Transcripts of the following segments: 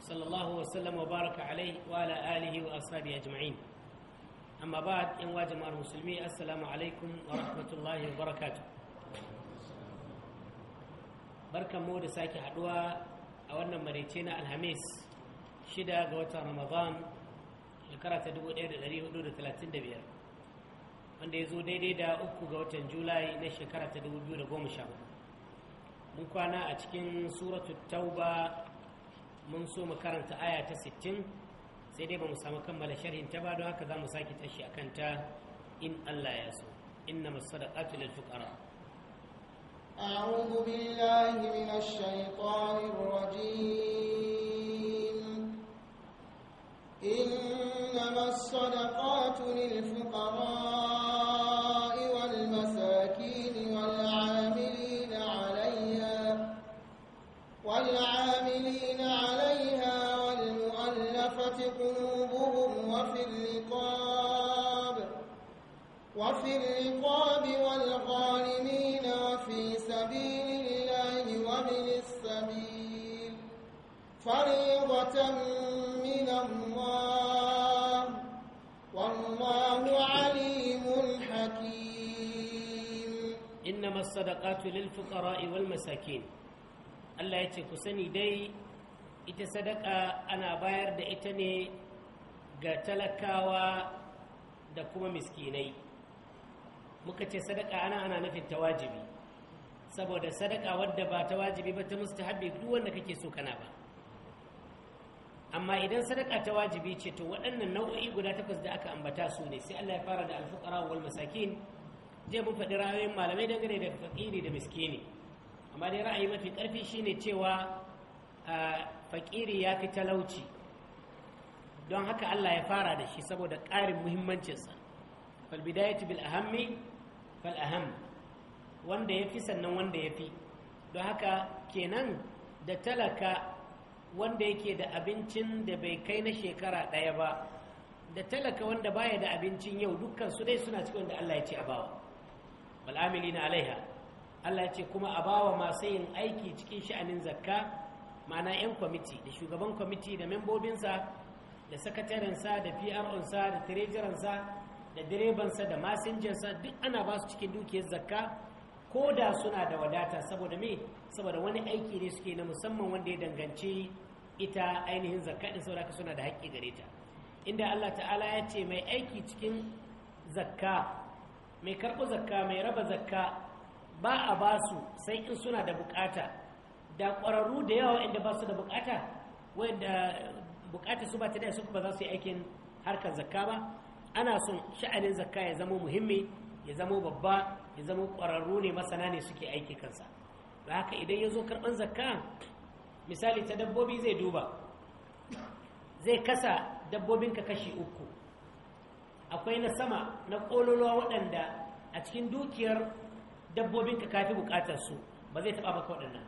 صلى الله وسلم وبارك عليه وعلى آله وأصحابه أجمعين أما بعد إن جماعة المسلمين السلام عليكم ورحمة الله وبركاته barkan mu da sake haɗuwa a wannan maraice na alhamis shida ga wata ramadan shekara ta biyar, wanda ya zo daidai da uku ga watan julai na shekara ta 2014 mun kwana a cikin suratu tauba mun so mu karanta aya ta 60 sai dai ba mu samu kammala sharhin ta ba don haka za mu sake tashi akan ta in Allah ya so innama sadaqatu lil fuqara أعوذ بالله من الشيطان الرجيم إنما الصدقات للفقراء وفي الرقاب والغارمين وفي سبيل الله وابن السبيل فريضة من الله والله عليم حكيم إنما الصدقات للفقراء والمساكين الله يتكسني دي ita sadaka ana bayar da ita ne ga talakawa da kuma miskinai muka ce sadaka ana ana nufin ta wajibi saboda sadaka wadda ba ta wajibi ba ta haɓe duk wanda kake so kana ba amma idan sadaka ta wajibi ce to waɗannan nau'o'i guda takwas da aka ambata su ne sai Allah ya fara da alfuqara wal masakin zai mun faɗi ra'ayoyin malamai dangane da fakiri da miskini amma dai ra'ayi mafi ƙarfi shine cewa fakiri ya fi talauci don haka Allah ya fara da shi saboda ƙarin muhimmancinsa fal bil ahammi fal aham wanda ya fi sannan wanda ya fi don haka kenan da talaka wanda yake da abincin da bai kai na shekara ɗaya ba da talaka wanda baya da abincin yau dukkan su dai suna cikin da Allah ya ce a bawa na alaiha Allah ya ce kuma a bawa masu yin aiki cikin sha'anin zakka ma'ana 'yan kwamiti da shugaban kwamiti da membobinsa da sakatarinsa da pr'unsa da sa da direbansa da masinjansa duk ana ba su cikin dukiyar zakka ko da suna da wadata saboda me saboda wani aiki ne suke na musamman wanda ya danganci ita ainihin zakka din saboda suna da haƙƙi gare ta inda Allah ta'ala ya ce mai aiki cikin zakka mai karɓo zakka mai raba zakka ba a ba su sai in suna da bukata da ƙwararru da yawa inda ba su da bukata wanda bukata su ba ta da su ba za su yi aikin harkar zakka ba ana son sha'anin zakka ya zama muhimmi ya zama babba ya zama ƙwararru ne masana ne suke aiki kansa da haka idan ya zo karɓar zakka misali ta dabbobi zai duba zai kasa dabbobinka kashi uku akwai na sama na ƙololuwa waɗanda a cikin dukiyar dabbobinka ka fi buƙatar su ba zai taɓa maka waɗannan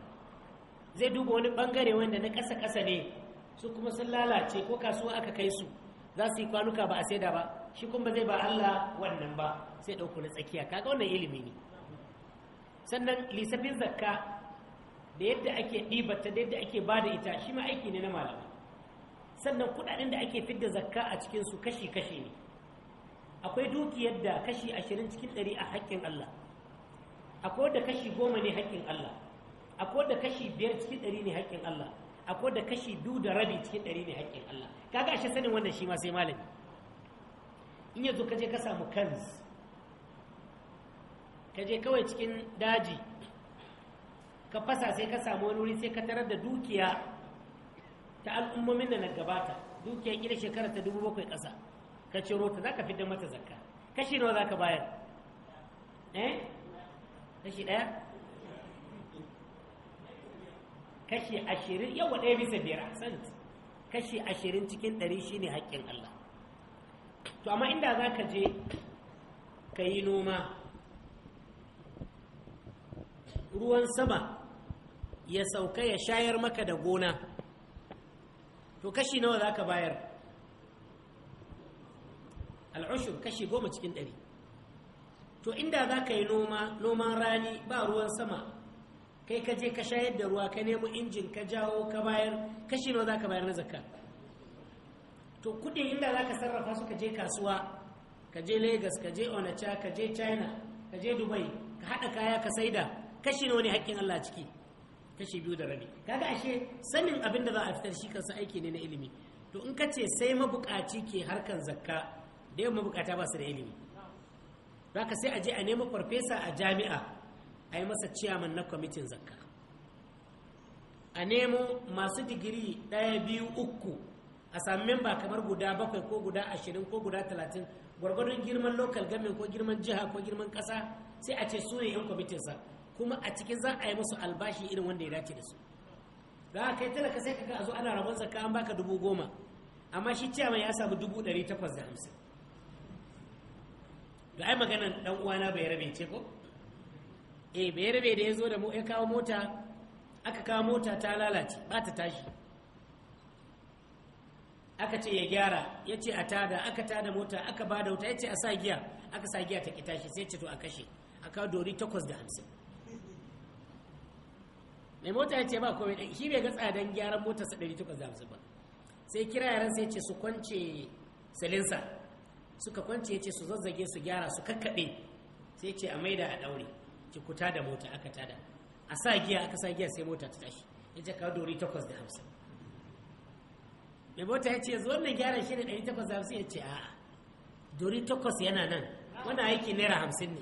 zai duba wani ɓangare wanda na ƙasa-ƙasa ne su kuma sun lalace ko kasuwa aka kai su za su yi kwanuka ba a saida ba shi kuma zai ba Allah wannan ba sai ɗauko na tsakiya kaga wannan ilimi ne sannan lissafin zakka da yadda ake ɗibata da yadda ake ba da ita shi ma aiki ne na malamai sannan kuɗaɗen da ake fidda zakka a cikinsu kashi-kashi ne akwai dukiyar da kashi ashirin cikin ɗari a haƙƙin Allah akwai da kashi goma ne haƙƙin Allah akwai da kashi biyar cikin ɗari ne haƙƙin Allah akwai da kashi biyu da rabi cikin ɗari ne haƙƙin Allah kaga ashe sanin wannan shi ma sai malami in yanzu kaje ka samu kans kaje kawai cikin daji ka fasa sai ka samu wani wuri sai ka tarar da dukiya ta al'ummomin da na gabata dukiya ƙila shekara ta dubu bakwai ƙasa ka ciro ta za ka da mata zakka kashi nawa za ka bayar eh kashi ɗaya kashi ashirin yawa ɗaya bisa biyar a kashi ashirin cikin ɗari shine haƙƙin Allah to amma inda za ka je ka yi noma ruwan sama ya sauka ya shayar maka da gona to kashi nawa za ka bayar al'ushur kashi goma cikin ɗari to inda za ka yi noma noman rani ba ruwan sama kai ka je ka shayar da ruwa ka nemo injin ka jawo ka bayar kashi nawa za ka bayar na zakka to kudin inda za ka sarrafa su ka je kasuwa ka je lagos ka je onacha ka je china ka je dubai ka haɗa kaya ka saida kashi ne wani haƙƙin allah ciki kashi biyu da rabi kaga ashe sanin abin da za a fitar shi kansa aiki ne na ilimi to in ka ce sai mabukaci ke harkan zakka da yawan mabukata ba su da ilimi za ka sai a je a nemi farfesa a jami'a a yi masa ciyaman na kwamitin zakka a nemo masu digiri ɗaya biyu uku a sami memba kamar guda bakwai ko guda ashirin ko guda talatin gwargwadon girman lokal government ko girman jiha ko girman kasa sai a ce su ne yan kwamitinsa kuma a cikin za a yi musu albashi irin wanda ya dace da su za kai talaka sai ka ga a zo ana rabon zaka an baka dubu goma amma shi ciyaman ya samu dubu ɗari takwas da hamsin da ai maganan dan uwana bai rabe ce ko eh bai rabe da ya zo da ya kawo mota aka kawo mota ta lalace ba ta tashi aka ce ya gyara ya ce a tada aka tada mota aka bada wuta ya ce a sa giya aka sa giya ta kita shi sai ce to a kashe a kawo dori takwas da hamsin mai mota ya ce ba kome ɗan shi bai ga tsadan gyaran mota sa ɗari takwas da hamsin ba sai kira yaran sai ce su kwance silinsa suka kwance ya ce su zazzage su gyara su kakkaɓe sai ce a maida a ɗaure ki ku tada mota aka tada a sa giya aka sa giya sai mota ta tashi ya ce kawo dori takwas da hamsin mai mota ya ce zuwan wannan gyaran shi ne 850 ya ce a'a dori takwas yana nan wannan aiki naira hamsin ne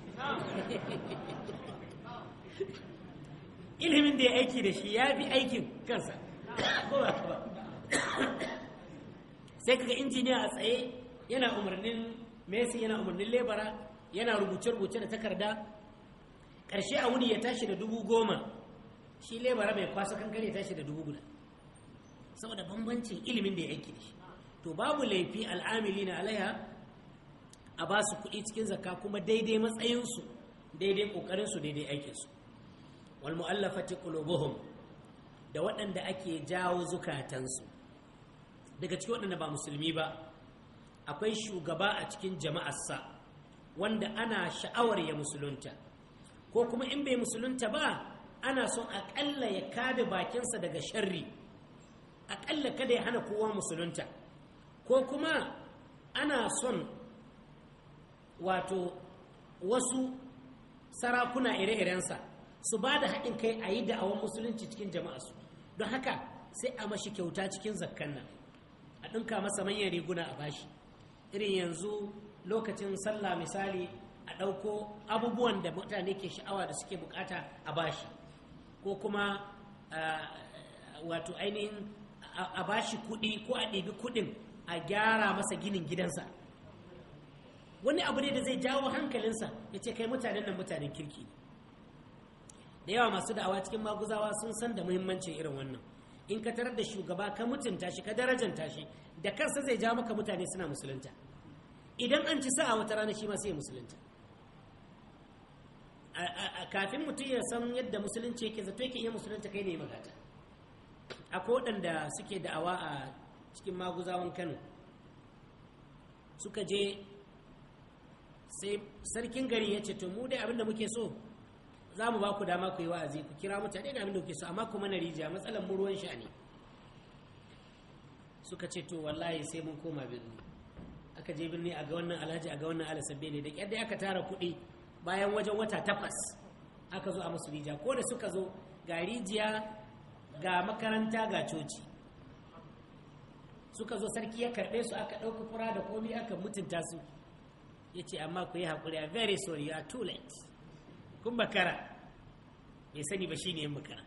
ilimin da ya aiki da shi ya fi aikin kansa sai kaga injiniya a tsaye yana umarnin messi yana umarnin lebara yana rubuce-rubuce da takarda ƙarshe a wuni ya tashi da dubu goma shi lebara mai kwaso kankan ya tashi da dubu guda saboda bambancin ilimin da ya da shi to babu laifi al'amili na alaiha a ba su kuɗi cikin zakka kuma daidai matsayinsu daidai ƙoƙarinsu daidai aikinsu wal mu'allafati qulubuhum da waɗanda ake jawo zukatansu daga cikin waɗanda ba musulmi ba akwai shugaba a cikin jama'arsa wanda ana sha'awar ya musulunta ko kuma in bai musulunta ba ana son aƙalla ya kada bakinsa daga sharri aƙalla kada ya hana kowa musulunta ko kuma ana son wato wasu sarakuna ire-irensa su ba da haɗin kai a yi da'awar musulunci cikin jama'a su, don haka sai a mashi kyauta cikin zakkan nan a ɗinka masa manyan riguna a bashi irin yanzu lokacin sallah misali a ɗauko abubuwan da mutane ke sha'awa da suke bukata a bashi ko kuma wato ainihin a ba shi kuɗi ko a ɗebi kuɗin a gyara masa ginin gidansa wani abu ne da zai jawo hankalinsa ya ce kai mutanen nan mutanen kirki da yawa masu da'awa cikin maguzawa sun san da muhimmancin irin wannan in ka tarar da shugaba ka mutunta shi ka darajanta shi da kansa zai jawo maka mutane suna musulunta idan an ci sa'a wata rana shi ma sai musulunta kafin mutum ya san yadda musulunci yake zato yake iya musulunta kai ne magata akwai waɗanda suke da'awa a cikin maguzawan kano suka je sai sarkin gari ya ce to mu dai abinda muke so za mu ba ku dama ku yi wa'azi ku kira mutane da abinda muke so amma kuma na rijiya matsalar mu ruwan sha ne suka ce to wallahi sai mun koma birni aka je birni a ga wannan alhaji a ga wannan alasabbe ne da kyadda aka tara kuɗi bayan wajen wata takwas aka zo a musu rijiya ko da suka zo ga rijiya ga makaranta ga coci suka zo sarki ya karɓe su aka ɗauka fura da komi aka mutunta su ya ce amma ku yi haƙuri a very sorry you are too late kun makara mai sani ba shi ne yin makara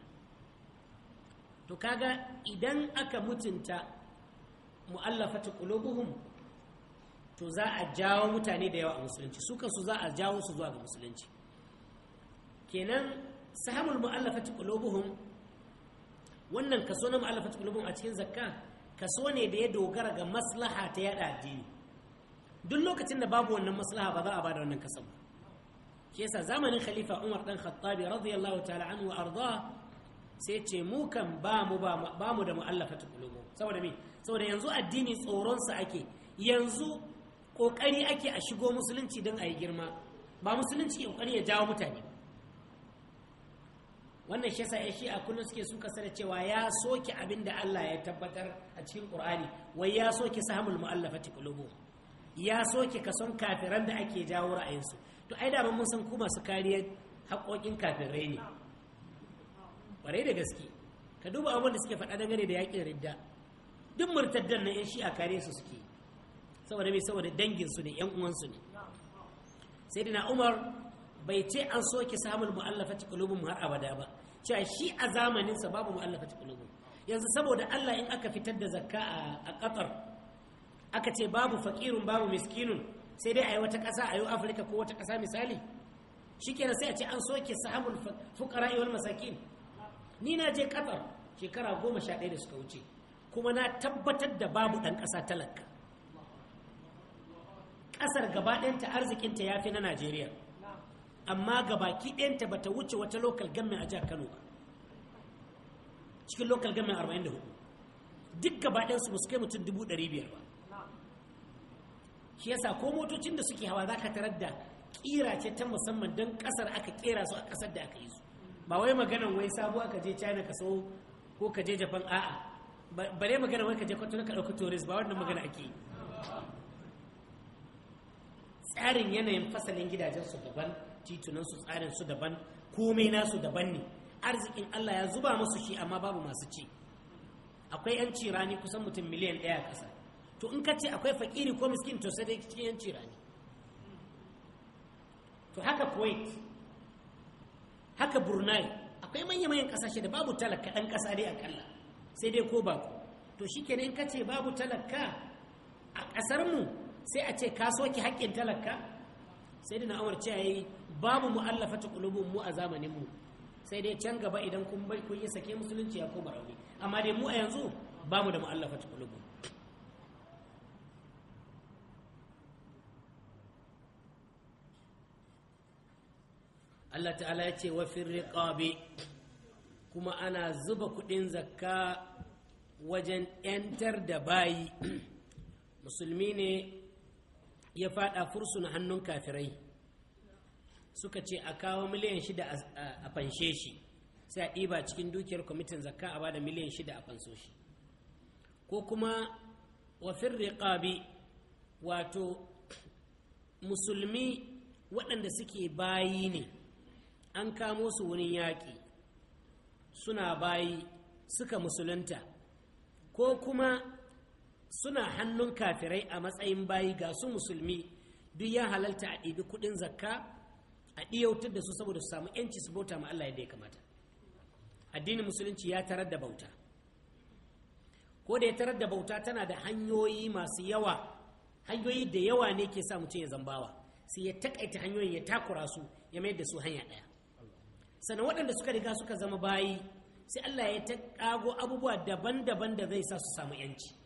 to kaga idan aka mutunta mu'allafatu qulubuhum to za a jawo mutane da yawa a musulunci su za a jawo su zuwa ga musulunci kenan sahamul mu'allafati qulubuhum wannan kaso na mu'allafat qulubun a cikin zakka kaso ne da ya dogara ga maslaha ta yada addini duk lokacin da babu wannan maslaha ba za a bada wannan kaso ba shi yasa zamanin khalifa Umar dan Khattabi radiyallahu ta'ala anhu arda sai ce mu kan ba mu ba mu da mu'allafat qulubun saboda me saboda yanzu addini tsoron sa ake yanzu kokari ake a shigo musulunci don a yi girma ba musulunci kokari ya jawo mutane ba wannan shi yasa shi a kullum suke suka sada cewa ya soke abin da Allah ya tabbatar a cikin Qur'ani wai ya soke sahamul mu'allafati qulubu ya soke kason kafiran da ake jawo su to ai da ban mun san ku masu kariya haƙoƙin kafirai ne Bare da gaske ka duba abin da suke faɗa dangane da yaƙin ridda duk murtaddan na yan shi'a kare su suke saboda mai saboda dangin su ne yan uwansu ne sai umar bai ce an soke samun mu'allafati qulubum har abada ba cewa shi a zamaninsa babu mu'allafati yanzu saboda Allah in aka fitar da zakka a Qatar aka ce babu faqirun babu miskinun sai dai a yi wata ƙasa a yi Afirka ko wata ƙasa misali shikenan sai a ce an soke sahabul fuqara wal masakin ni na je Qatar shekara goma sha ɗaya da suka wuce kuma na tabbatar da babu ɗan ƙasa talaka ƙasar gaba ɗayanta arzikinta ya fi na Najeriya amma ga baki ɗayanta ba ta wuce wata local gamin a jihar kano ba cikin local gamin 44 duk gaba ɗansu ba su kai mutum 500 ba shi yasa ko motocin da suke hawa za ka tarar da kira ce ta musamman don ƙasar aka kera su a ƙasar da aka yi su ba wai maganan wai sabuwa ka je china ka so ko ka je japan a'a bare magana wai ka je kwatano ka ɗauki tourist ba wannan magana ake yi tsarin yanayin fasalin gidajen su daban titunansu tsarin su daban komai nasu daban ne arzikin Allah ya zuba musu shi amma babu masu ci akwai yan cirani kusan mutum miliyan ɗaya a ƙasa to in ka ce akwai fakiri ko miskin to sai dai cikin yan cirani to haka kuwait haka brunei akwai manya-manyan ƙasashe da babu talaka ɗan ƙasa dai akalla sai dai ko ba to shi kenan in ka ce babu talaka a ƙasarmu sai a ce ka ki haƙƙin talaka sai da na'awar cewa yi babu mu'allafatu qulubun mu a zamanin mu sai dai can gaba idan kun bai kun yi sake musulunci ya koma rauni amma dai mu a yanzu babu da mu'allafatu qulubun Allah ta'ala ya ce wa firriqabi kuma ana zuba kuɗin zakka wajen 'yantar da bayi musulmi ne ya fada na hannun kafirai suka ce a kawo miliyan shida a fanshe shi sai a ɗiba cikin dukiyar kwamitin zakka a bada miliyan shida a fanso shi ko kuma wafin riƙabi wato musulmi waɗanda suke bayi ne an kamo su wurin yaƙi suna bayi suka musulunta ko kuma suna hannun kafirai a matsayin bayi ga su musulmi duk ya halalta a ɗibi kuɗin zakka a ɗiyautar da su saboda su samu yanci su bauta ma Allah yadda ya kamata addinin musulunci ya tarar da bauta ko da ya tarar da bauta tana da hanyoyi masu yawa hanyoyi da yawa ne ke sa mutum ya zambawa sai ya takaita hanyoyin ya takura su ya mayar da su hanya ɗaya sannan waɗanda suka riga suka zama bayi sai Allah ya ta ƙago abubuwa daban-daban da zai sa su samu yanci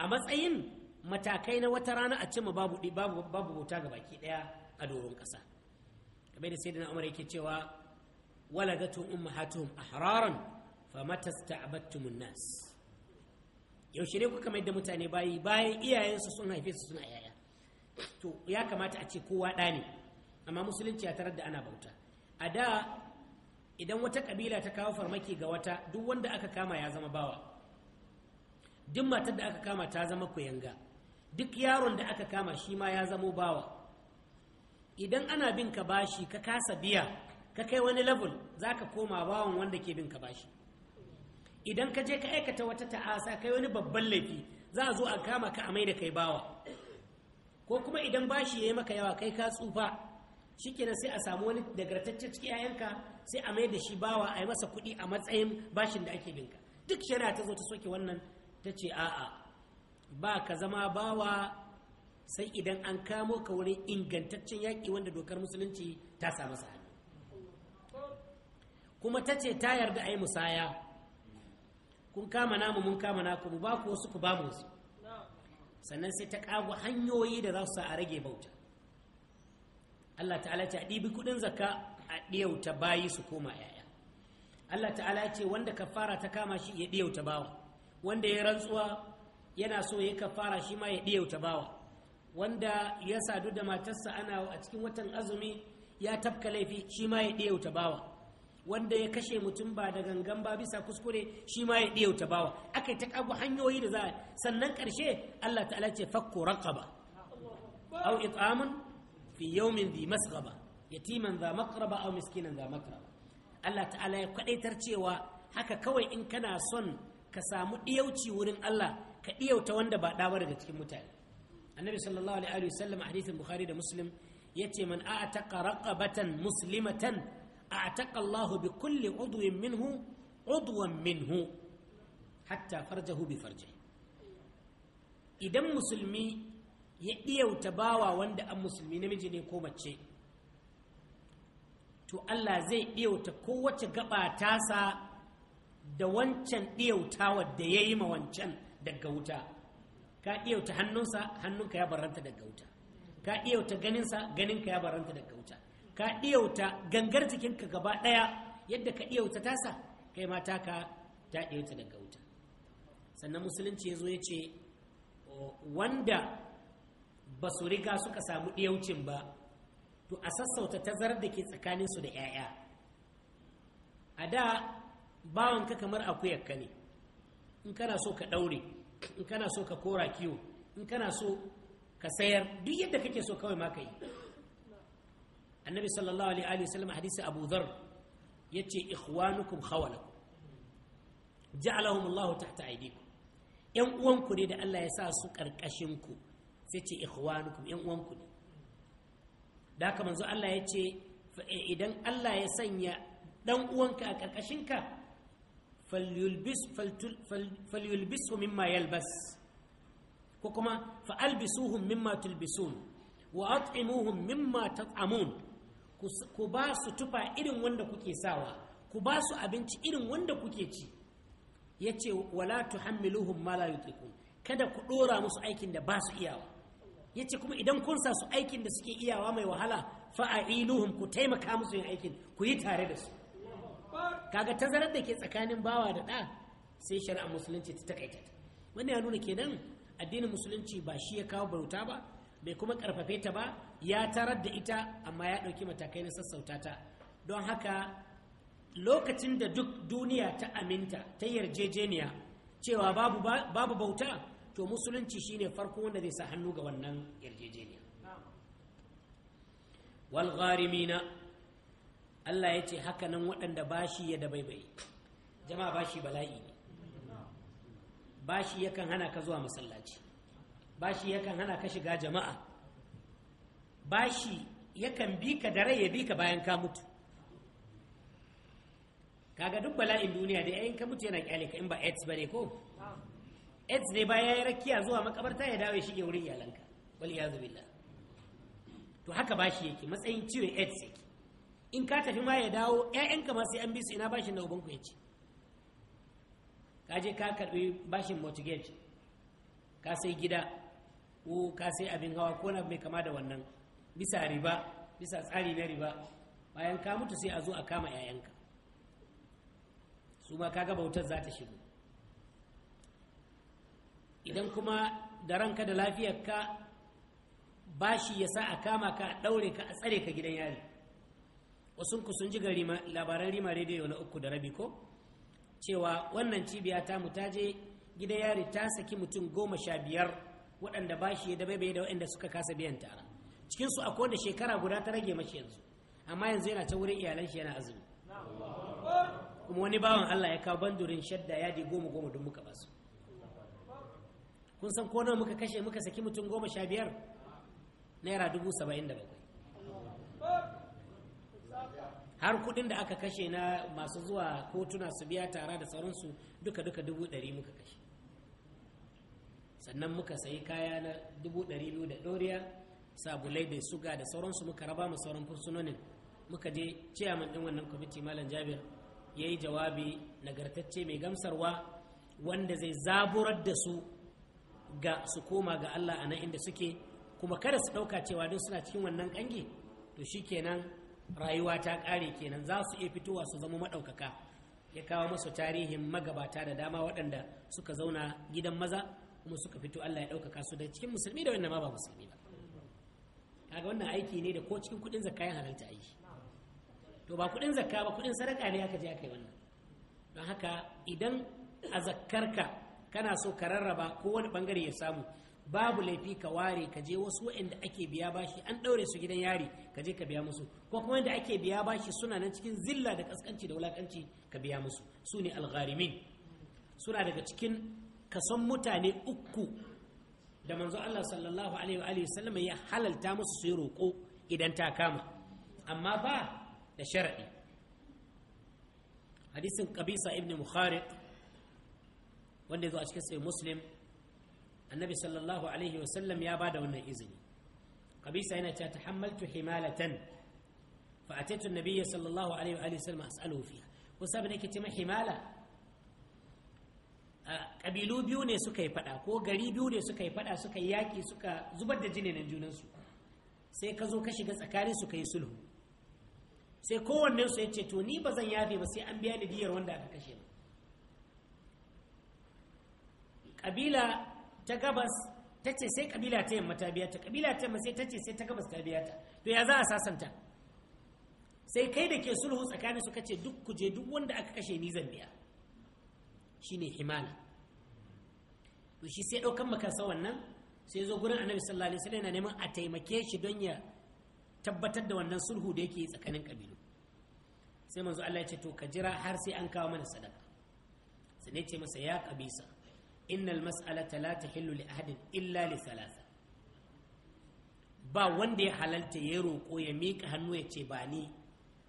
a matsayin matakai na wata rana a cimma babu babu bauta ga baki daya a doron kasa kamar da sayyidina Umar yake cewa waladatu ummahatuhum ahraran famata sta'abattum nas yaushe ne kuka mai da mutane bayi bayan iyayensu sun haife su suna yaya to ya kamata a ce kowa ɗane. ne amma musulunci ya tarar da ana bauta a da idan wata kabila ta kawo farmaki ga wata duk wanda aka kama ya zama bawa duk matar da aka kama ta zama kuyanga duk yaron da aka kama shi ma ya zamo bawa idan ana bin ka bashi ka kasa biya ka kai wani level za ka koma bawan wanda ke bin ka bashi idan ka je ka aikata wata ta'asa kai wani babban laifi za a zo a kama ka a mai da kai bawa ko kuma idan bashi ya yi maka yawa kai ka tsufa shikenan sai a samu wani nagartacce ciki yayanka sai a mai da shi bawa a yi masa kuɗi a matsayin bashin da ake binka duk shari'a ta zo ta soke wannan ta ce a'a ba ka zama bawa sai idan an kamo ka wurin ingantaccen yaƙi wanda dokar musulunci ta samu sa kuma ta ce ta yarda a yi musaya kun kama namu mun kama naku mu ba ku wasu ku ba mu sannan sai ta ƙago hanyoyi da za su sa a rage bauta Allah ta'ala ce a ɗibi kuɗin zakka a ɗiyauta bayi su koma yaya Allah ta'ala ce wanda ka fara ta kama shi ya ɗiyauta bawa wanda ya rantsuwa yana so ya kafara shi ma ya ɗiyauta bawa wanda ya sadu da matarsa ana a cikin watan azumi ya tafka laifi shi ma ya ɗiyauta bawa wanda ya kashe mutum ba da gangan ba bisa kuskure shi ma ya ɗiyauta bawa aka yi ta kagu hanyoyi da za a sannan ƙarshe allah ta'ala ce fakko raqaba au it'amun fi yawmin dhi masghaba yatiman za maqraba au miskinan za maqraba allah ta'ala ya kwadaitar cewa haka kawai in kana son ka samu ɗiyauci wurin Allah ka ɗiyauta wanda ba ɗa daga cikin mutane annabi sallallahu alaihi wa sallam hadithin bukhari da muslim yace man a'taqa raqabatan muslimatan a'taqa Allahu bi kulli udwin minhu udwan minhu hatta farjahu bi farji idan musulmi ya ɗiyauta bawa wanda an musulmi namiji ne ko mace to Allah zai ɗiyauta kowace gaba tasa da wancan ɗiyautawa da ya yi ma wancan daga wuta ka ɗiyauta hannunsa hannunka ya baranta daga wuta ka ɗiyauta ganinsa ganinka ya baranta daga wuta ka ɗiyauta gangar jikinka gaba ɗaya yadda ka ɗiyauta tasa kai ma ka ta ɗiyauta daga wuta sannan musulunci ya zo ya ce wanda ba su riga suka samu ɗiyaucin ba to a sassauta tazarar da ke tsakaninsu da 'ya'ya a da bawanka kamar akuyar ka ne in kana so ka daure, in kana so ka kora kiwo in kana so ka sayar duk yadda kake so kawai ma ka yi annabi sallallahu alaihi wa sallam hadisi abu dhar yace ikhwanukum khawalakum ja'alahum Allah tahta aydikum yan uwanku ne da Allah ya sa su karkashin ku sai ce ikhwanukum yan uwanku ne da haka manzo Allah ya ce eh, idan Allah ya sanya dan uwanka a karkashin ka falyulbisu mimma yalbas ko kuma fa'albisuhum mimma tulbisun wa at'imuhum mimma tat'amun ku ba su tufa irin wanda kuke sawa ku ba su abinci irin wanda kuke ci yace wala tuhammiluhum ma la yutiqun kada ku dora musu aikin da ba su iyawa yace kuma idan kun sa su aikin da suke iyawa mai wahala fa'iluhum ku taimaka musu yin aikin ku yi tare da su kaga tazarar da ke tsakanin bawa da ɗa sai shari'a musulunci ta takaita wannan ya nuna kenan addinin musulunci ba shi ya kawo bauta ba bai kuma karfafe ta ba ya tarar da ita amma ya ɗauki matakai na sassauta ta don haka lokacin da duk duniya ta aminta ta yarjejeniya cewa babu, bauta to musulunci shine farko wanda zai sa hannu ga wannan yarjejeniya wal gharimina Allah ya ce haka nan waɗanda bashi ya dabaibaye jama'a bashi bala'i ne bashi yakan hana ka zuwa masallaci bashi yakan hana ka shiga jama'a bashi yakan bi ka da rai ya bi ka bayan ka mutu kaga duk bala'in duniya da yayin ka mutu yana kyale ka in ba aids bane ko aids ne ba ya rakiya zuwa makabarta ya dawo ya shige wurin iyalanka wal iyazu billah to haka bashi yake matsayin ciwon aids yake in ka tafi ma ya dawo 'ya'yanka masu sai an ina bashin da ubanku ya ci ka je ka karɓi bashin mortgage ka sai gida ko ka sai abin hawa ko na mai kama da wannan bisa riba bisa tsari na riba bayan ka mutu sai a zo a kama 'ya'yanka. su ma ga bautar za ta shigo idan kuma da ranka da ka bashi ya sa a kama ka a ɗaure ka a tsare ka gidan yari wasu ku sun ji labaran rima rediyo na uku da rabi ko cewa wannan cibiya ta mu ta je gidan yari ta saki mutum goma sha biyar waɗanda ba shi da baibaye da waɗanda suka kasa biyan tara cikinsu akwai wanda shekara guda ta rage mashi yanzu amma yanzu yana ta wurin iyalan shi yana azumi kuma wani bawan Allah ya kawo bandurin shadda yadi goma goma don muka basu kun san ko nawa muka kashe muka saki mutum goma sha biyar naira dubu saba'in da bakwai har kuɗin da aka kashe na masu zuwa kotuna su biya tara da sauransu duka duka dubu ɗari muka kashe sannan muka sayi kaya na dubu ɗari biyu da ɗoriya sabulai da suga da sauransu muka raba mu sauran fursunonin muka je ciyaman ɗin wannan kwamiti malam jabir ya yi jawabi nagartacce mai gamsarwa wanda zai zaburar da su ga su koma ga allah a nan inda suke kuma kada su ɗauka cewa don suna cikin wannan ƙangi to shikenan rayuwa ta ƙare kenan za su iya fitowa su zama maɗaukaka ya kawo masu tarihin magabata da dama waɗanda suka zauna gidan maza kuma suka fito Allah ya ɗaukaka su da cikin musulmi da wannan ma ba musulmi ba kaga wannan aiki ne da ko cikin kuɗin zakka ya halalta aiki to ba kuɗin zakka ba kuɗin sadaka ne aka je aka yi wannan don haka idan a zakkarka kana so ka rarraba ko wani bangare ya samu babu laifi ka ware ka je wasu waɗanda ake biya bashi an ɗaure su gidan yari ka je ka biya musu ko kuma wanda ake biya bashi suna nan cikin zilla da ƙasƙanci da wulaƙanci ka biya musu su ne algharimin suna daga cikin kason mutane uku da manzo Allah sallallahu alaihi wa sallam ya halalta musu su yi roƙo idan ta kama amma ba da sharaɗi. hadisin kabisa ibn mukhariq wanda ya zo a cikin sai muslim annabi sallallahu alaihi wasallam ya da wannan izini kabisa yana cewa tahammaltu himalatan fa ataitu an sallallahu alaihi wa alihi wasallam as'aluhu fiha wasu abin da yake himala ƙabilu biyu ne suka yi faɗa ko gari biyu ne suka yi faɗa suka yi yaƙi suka zubar da jininan junansu sai ka zo ka shiga tsakanin su ka yi sulhu sai kowannen su ya ce to ni ba zan yafe ba sai an biya ni diyar wanda aka kashe ba ƙabila ta gabas ta ce sai kabila ta yamma ta biya ta kabila ta yamma sai ta ce sai ta gabas ta biya ta to ya za a sasanta sai kai da ke sulhu tsakanin su kace duk kuje duk wanda aka kashe ni zan biya shine himala to shi sai daukan makansa wannan sai zo gurin annabi sallallahu alaihi wasallam yana neman a taimake shi don ya tabbatar da wannan sulhu da yake tsakanin kabilu sai manzo Allah ya ce to ka jira har sai an kawo mana sadaka sai ne ce masa ya kabisa innal mas'alata la tahillu li ahadin illa li salasa ba wanda ya halalta ya roko ya miƙa hannu ya ce ba ni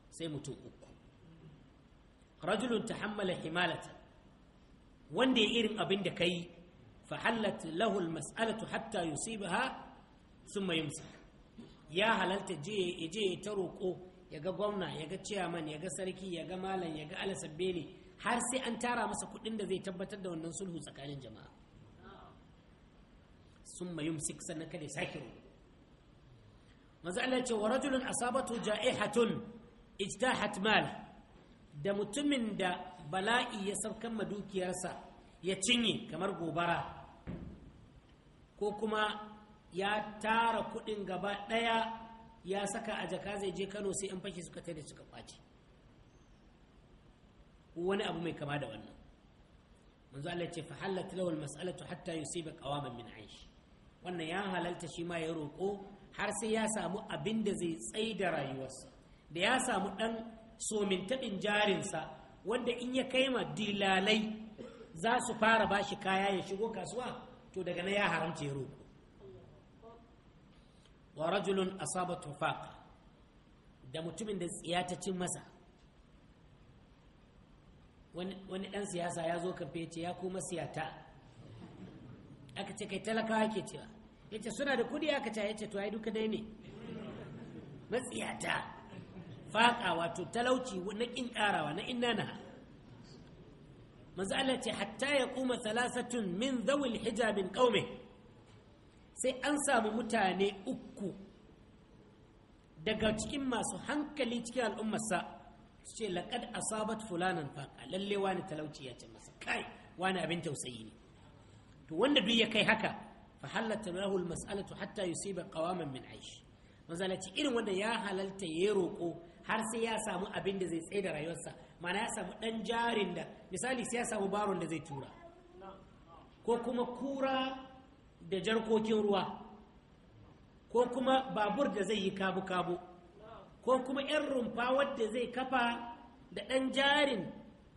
sai mutum uku rajulun tahammala himalata wanda ya irin abin da kai fahallat halat lahu almas'alatu hatta yusibaha thumma yumsa ya halalta je ya je ya ta roƙo ya ga gwamna ya ga ciyaman ya ga sarki ya ga malam ya ga alasabbe ne har sai an tara masa kuɗin da zai tabbatar da wannan sulhu tsakanin jama'a sun mayum sik sannan kada ya sake manzo Allah ce wa rajulun asabatu ja'ihatun ijtahat mal da mutumin da bala'i ya saukan ma dukiyarsa ya cinye kamar gobara ko kuma ya tara kuɗin gaba ɗaya ya saka a jaka zai je Kano sai in fashe suka tare suka kwace ko wani abu mai kama da wannan manzo Allah ya ce fa halat lawal mas'alatu hatta yusiba qawaman min aish wannan ya halalta shi ma ya roƙo har sai ya samu abin da zai tsai da rayuwarsa da ya samu ɗan somin taɓin jarinsa wanda in ya kai ma dilalai za su fara ba shi kaya ya shigo kasuwa to daga na ya haramta ya roƙo wa rajulun asaba tufaqa da mutumin da tsiya ta cin masa wani ɗan siyasa ya zo kamfe ce ya kuma siyata aka ce kai talakawa ke cewa ya ce suna da kudi aka ce ya ce to ai duka dai ne matsiyata faƙa wato talauci na ƙin ƙarawa na ina na manzo Allah ce hatta ya kuma salasatun min zawil hijabin ƙaume sai an samu mutane uku daga cikin masu hankali cikin al'ummarsa su ce laqad asabat fulanan a lalle wani talauci ya ce masa kai wani abin tausayi ne to wanda duk ya kai haka fa halatta lahu almas'alatu hatta yusiba qawaman min aish manzala ce irin wanda ya halalta ya roƙo har sai ya samu abin da zai tsaye da rayuwarsa mana ya samu ɗan jarin da misali sai ya samu baron da zai tura ko kuma kura da jarkokin ruwa ko kuma babur da zai yi kabu-kabu ko kuma 'yan rumfa wadda zai kafa da ɗan jarin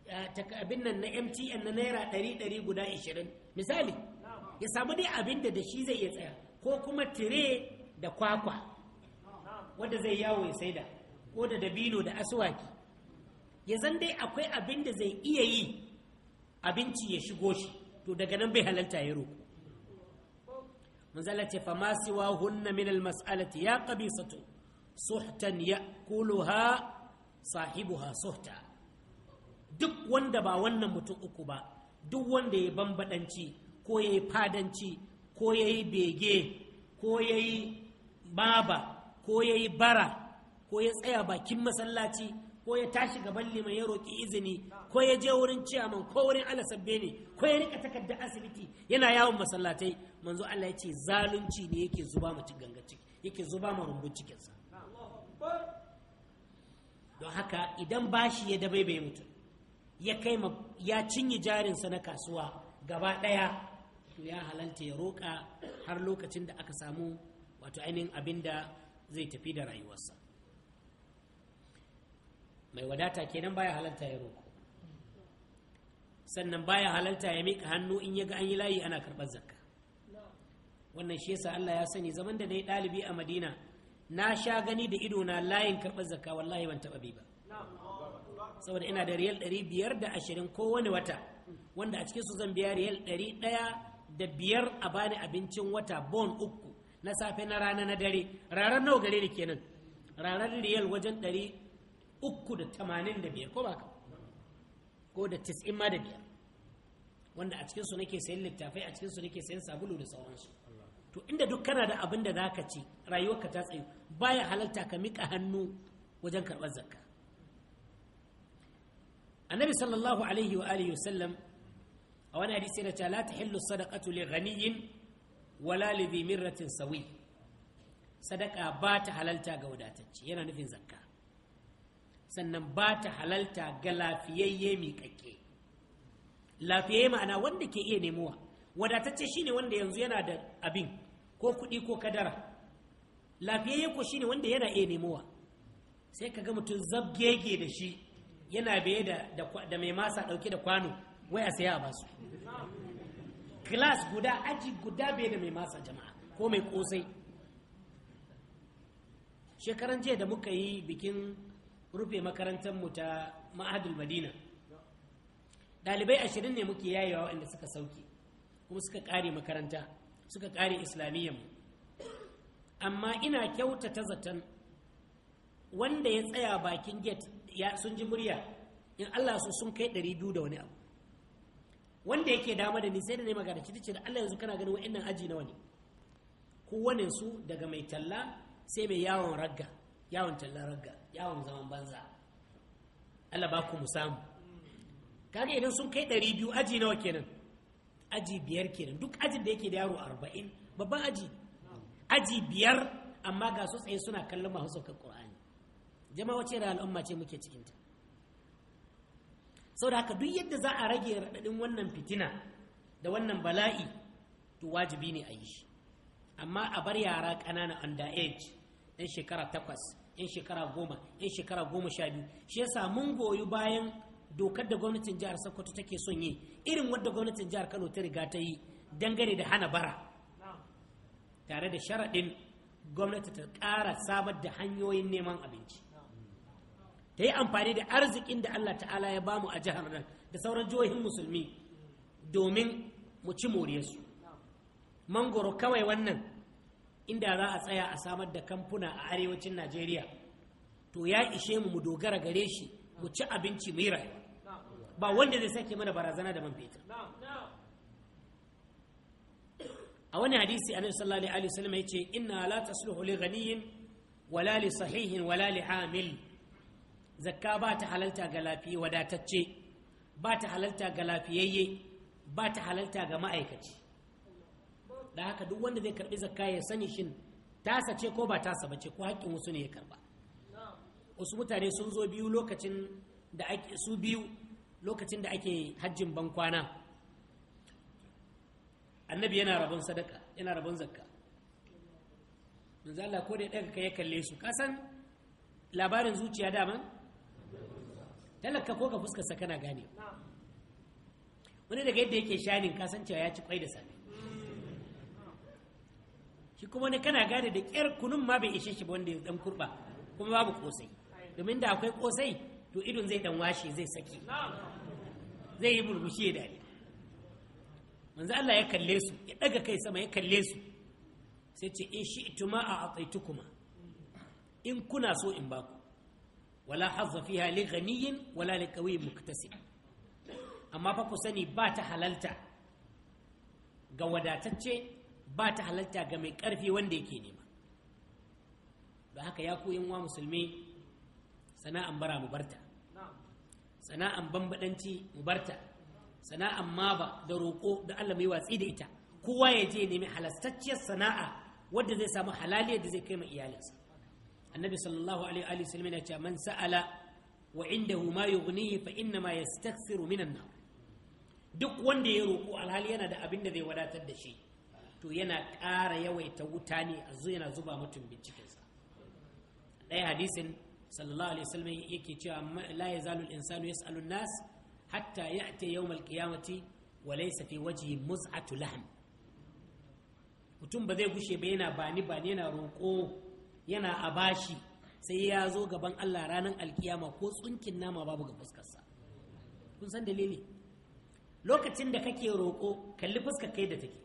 eh, abin nan na mtn na naira ɗari-ɗari guda ashirin misali ya samu dai abin da shi zai iya tsaya ko kuma tire da kwakwa wadda zai yawo ya saida ko da dabino da asuwaki ya zan dai akwai abin da zai iya yi abinci ya shigo shi to daga nan bai halarta ya roƙo manzala ce siwa hunna min al mas'alati ya qabisatu suhtan ya'kuluha sahibuha suhta duk wanda ba wannan mutum uku ba duk wanda ya bambadanci ko ya yi fadanci ko ya yi bege ko ya yi baba ko ya yi bara ko ya tsaya bakin masallaci ko ya tashi gaban liman ya roƙi izini ko ya je wurin ciyaman ko wurin alasabbe ne ko ya rika takardar asibiti yana yawon masallatai manzo Allah ya ce zalunci ne yake zuba mu yake zuba ma rumbun cikinsa don haka idan bashi ya bai mutum ya kai ya cinye jarinsa na kasuwa gaba ɗaya to ya halalta ya roƙa har lokacin da aka samu wato ainihin abin da zai tafi da rayuwarsa mai wadata kenan baya halalta ya roƙo sannan baya halalta ya miƙa hannu in ya ga an yi layi ana karɓar zakka wannan shi yasa Allah ya sani zaman da na yi ɗalibi a Madina na sha gani da ido na layin karɓar zakka wallahi ban taɓa bi ba saboda ina da riyal ɗari biyar da ashirin kowane wata wanda a cikin su zan biya riyal ɗari ɗaya da biyar a bani abincin wata bon uku na safe na rana na dare ranar nawa gare ni kenan ranar riyal wajen ɗari uku da tamanin da biyar ko ba ka ko da tis'in ma da biyar wanda a cikinsu nake sayan littafai a cikinsu nake sayan sabulu da sauransu to inda duk kana da abin da ka ci rayuwarka ta tsayu baya halarta ka mika hannu wajen karɓar zakka annabi sallallahu alaihi wa alihi sallam, a wani hadisi da ta la tahillu sadaqatu li ghaniyin wala li dhi mirratin sawi sadaka ba ta halalta ga wadatacce yana nufin zakka sannan ba ta halalta ga lafiyayye miƙaƙƙe lafiyayye ma'ana wanda ke iya nemowa wadatacce shine wanda yanzu yana da abin ko kuɗi ko kadara lafiyayye ko shine wanda yana iya nemowa sai ka ga mutum zabgege da shi yana biye da mai masa ɗauke da kwano waya sai a basu class guda aji guda biye da mai masa jama'a ko mai kosai shekaran jiya da muka yi bikin rufe makarantar mu ta ma'adul madina dalibai ashirin ne muke yayewa inda suka sauke kuma suka kare makaranta suka kare islamiyyar amma ina kyautata zaton wanda ya tsaya bakin gate ya sun ji murya in Allah su sun kai 200 da wani abu wanda yake dama da ni sai da ne magana ci ce da Allah yanzu kana ganin wa'annan aji nawa ne kowane su daga mai talla sai mai yawon ragga yawon talla ragga yawon zaman banza Allah ba ku mu kaga idan sun kai 200 aji nawa kenan aji biyar kenan duk ajin da yake da yaro arba'in babban aji aji biyar amma ga su tsaye suna kallon masu saukar ƙur'ani jama'a wace da al'umma ce muke cikinta da haka duk yadda za a rage raɗaɗin wannan fitina da wannan bala'i to wajibi ne a yi shi amma a bar yara ƙanana under age ɗan shekara takwas ɗan shekara goma ɗan shekara goma sha biyu shi yasa mun goyi bayan dokar da gwamnatin jihar sokoto take son yi irin wadda gwamnatin jihar kano ta riga ta yi dangane da hana bara tare da sharaɗin gwamnati ta ƙara samar da hanyoyin neman abinci ta yi amfani da arzikin da allah ta'ala ya bamu a jihar nan da sauran jihohin musulmi domin mu ci moriyarsu mangoro kawai wannan inda za a tsaya a samar da kamfuna a arewacin najeriya to ya ishe mu mu dogara gare shi mu ci abinci mu yi rayuwa ba wanda zai sake mana barazana da man fetur a wani hadisi nan sallallahu alaihi wasallam ce, inna la tasluhu li ghaniyin wala li sahihin wala li amil zakka ba ta halalta ga lafiya wadatacce ba ta halalta ga lafiyayye ba ta halalta ga ma'aikaci da haka duk wanda zai karbi zakka ya sani shin tasa ce ko ba tasa bace ko haƙƙin wasu ne ya karba wasu mutane sun zo biyu lokacin da su biyu lokacin da ake hajjin bankwana annabi yana rabon sadaka yana rabon zakka manzo Allah ko da ya ka ya kalle su kasan labarin zuciya daman talaka ko ka fuskar kana gane wani daga yadda yake shanin kasancewa ya ci kwai da sami shi kuma ne kana gane da kyar kunun ma bai ishe shi wanda ya dan kurba kuma babu kosai domin da akwai kosai to idon zai dan washe zai saki zai yi burbushi ya dare manzo Allah ya kalle su ya daga kai sama ya kalle su sai ce in shi ituma a ataitukuma in kuna so in baku wala hazza fiha li ghaniyin wala li qawiyyin muktasib amma fa ku sani ba ta halalta ga wadatacce ba ta halalta ga mai karfi wanda yake nema da haka ya koyin wa musulmi sana'an bara mu barta sana'an bambadanci mu barta sana'an maba da roƙo da Allah mai watsi da ita kowa ya je nemi halastacciyar sana'a wadda zai samu halaliyar da zai kai ma iyalinsa annabi sallallahu alaihi wa sallam yana cewa man sa'ala wa indahu ma yughnihi fa inna ma yastakthiru minan nar duk wanda ya roƙo alhali yana da abin da zai wadatar da shi to yana ƙara yawaita wuta ne a yana zuba mutum bincikinsa ɗaya hadisin sallallahu alaihi wasallam yake cewa la yazalu al-insanu yas'alu an-nas hatta ya'ti yawm al-qiyamati wa laysa fi wajhi muz'atu lahm mutum ba zai gushe ba yana bani bani yana roƙo yana abashi sai ya zo gaban Allah ranar alkiyama ko tsunkin nama babu ga fuskarsa kun san dalili lokacin da kake roƙo kalli fuskar kai da take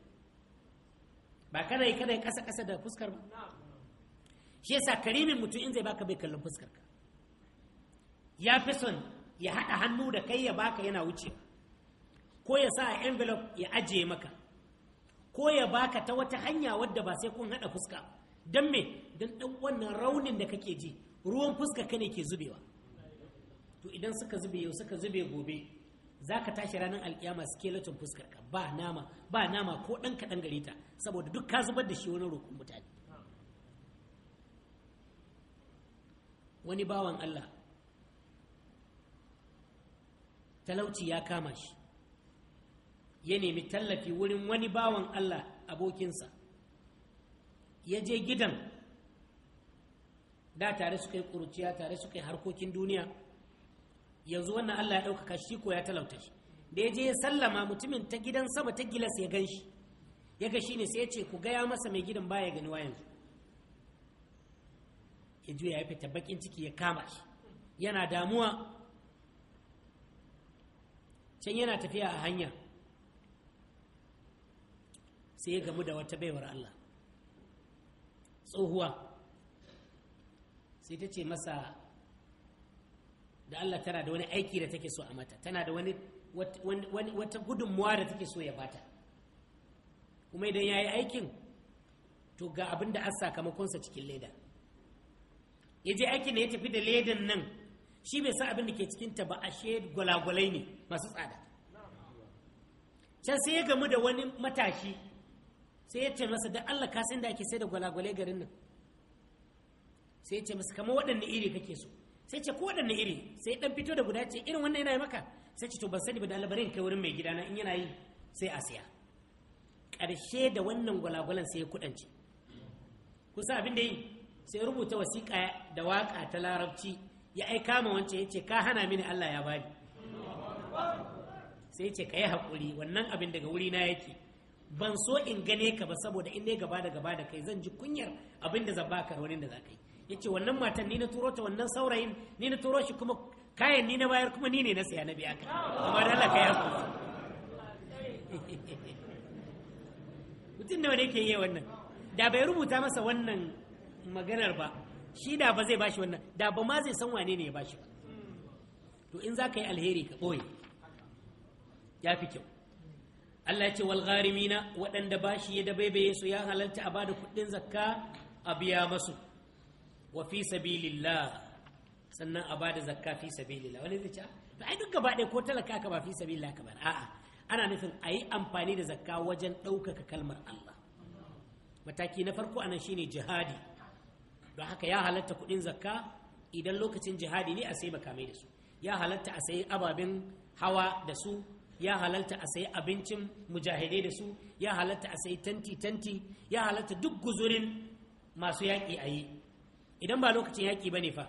ba kana yi kana yi ƙasa kasa da fuskar ba shi yasa karimin mutum in zai baka bai kallon fuskar ka ya fi son ya haɗa hannu da kai ya baka yana wuce ko ya sa a envelope ya ajiye maka ko ya baka ta wata hanya wadda ba sai kun haɗa fuska don me don ɗan wannan raunin da kake ji ruwan fuska ka ne ke zubewa to idan suka zube yau suka zube gobe za ka tashi ranar alkiyama skeleton fuskar ka ba nama ba nama ko ɗan kaɗan gare ta saboda duk ka zubar da shi wani roƙon mutane wani bawan Allah talauci ya kama shi ya nemi tallafi wurin wani bawan Allah abokinsa ya je gidan da tare suka yi ƙuruciya tare suka yi harkokin duniya yanzu wannan Allah ya ɗaukaka shi ko ya talauta shi da ya je ya sallama mutumin ta gidan sama ta gilas ya gan shi ya ga shi ne sai ya ce ku gaya masa mai gidan baya gani wa yanzu ya juya ya fita bakin ciki ya kama shi yana damuwa can yana tafiya a hanya sai ya gamu da wata baiwar Allah tsohuwa sai ta ce masa da Allah tana da wani aiki da take so a mata tana da wani wata gudunmuwa da take so ya bata kuma idan ya yi aikin to ga abin da an sakamakonsa cikin leda ya je aikin da ya tafi da ledin nan shi bai sa abin da ke cikinta ba ashe gwalagwalai ne masu tsada can sai ya gamu da wani matashi sai ya ce masa da Allah ka san da ake sai da gwalagwalai garin nan sai ya ce masa kamar waɗanne iri kake so sai ce ko waɗanne iri sai dan fito da guda ce irin wannan yana maka sai ce to ban sani ba da labarin kai wurin mai gidana in yana yi sai a siya ƙarshe da wannan gwalagwalan sai ya kuɗance kusa abin da yi sai rubuta wasiƙa da waƙa ta larabci ya aika ma wancan ya ce ka hana mini Allah ya bani sai ya ce ka yi haƙuri wannan abin daga wuri na yake ban so in gane ka ba saboda in ne gaba da gaba da kai zan ji kunyar abin da zan baka wani da za ka yi ya ce wannan matan ni na turo ta wannan saurayin ni na turo shi kuma kayan ni na bayar kuma ni ne na saya na biya ka amma da Allah ka yi mutum nawa ne ke yi wannan da bai rubuta masa wannan maganar ba shi da ba zai bashi wannan da ba ma zai san wane ne ya bashi ba to in za ka yi alheri ka ɓoye ya fi kyau Allah ya ce wal gharimina waɗanda bashi ya dabaibaye su ya halarta a bada kuɗin zakka a biya masu wa fi sabilillah sannan a bada zakka fi sabilillah wani zai ce to ah, ai duk gaba ɗaya ko talaka ka ba fi sabilillah ka ba a'a ana nufin a yi amfani da zakka wajen ɗaukaka kalmar Allah mataki na farko anan shine jihadi don haka ya halatta kuɗin zakka idan lokacin jihadi ne a sai makamai da su ya halatta a sayi ababen hawa da su ya halatta a sai abincin mujahide da su ya halatta a sayi tanti-tanti ya halatta duk guzurin masu yaƙi a yi idan ba lokacin yaƙi ba ne fa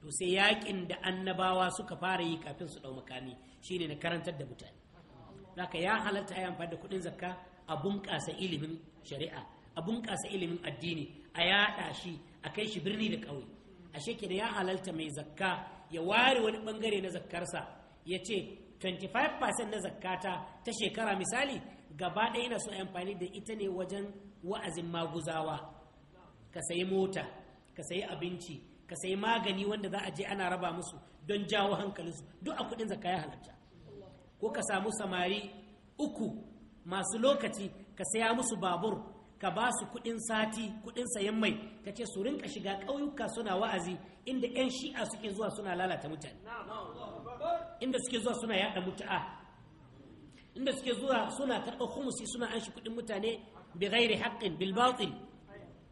to sai yaƙin da annabawa suka fara yi kafin su ɗau makami shine na karantar da mutane zaka ya halatta a yi amfani da kuɗin zakka a bunƙasa ilimin shari'a a bunƙasa ilimin addini a yaɗa shi a kai shi birni da ƙauye asheke ke ya halalta mai zakka ya ware wani bangare na zakkarsa ya ce 25% na zakkata ta shekara misali gaba ɗaya na so amfani da ita ne wajen wa'azin maguzawa ka sayi mota ka sayi abinci ka sayi magani wanda za a je ana raba musu don jawo hankalinsu duk a kuɗin zakka ya halarta ko ka samu samari uku masu lokaci ka saya musu babur ka ba su kuɗin sati kuɗin sayan mai ka ce su rinka shiga ƙauyuka suna wa'azi inda 'yan shi'a suke zuwa suna lalata mutane inda suke zuwa suna yaɗa mutu'a inda suke zuwa suna karɓar humusi suna an shi kuɗin mutane bi ghairi haƙƙin bil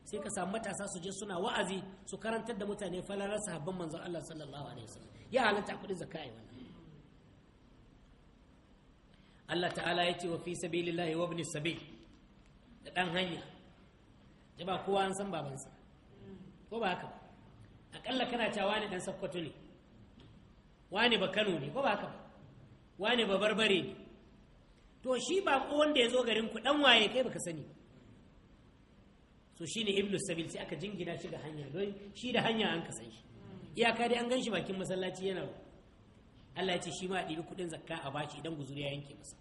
sai ka samu matasa su je suna wa'azi su karantar da mutane falalar sahabban manzon Allah sallallahu alaihi wasallam ya halatta kuɗin zakai wannan Allah ta'ala ya ce wa fi sabilillahi wa ibnis sabil da ɗan hanya ba kowa an san babansa ko ba haka ba akalla kana cewa wani ɗan sakkwato ne wani ba kano ne ko ba haka ba wani ba barbare ne to shi ba ko wanda ya zo garin ku ɗan waye kai baka sani ba so ne ibnu sabil sai aka jingina shi da hanya don shi da hanya an kasan shi iyaka dai an gan shi bakin masallaci yana Allah ya ce shi ma a ɗibi kuɗin zakka a bashi idan guzuri ya yanke masa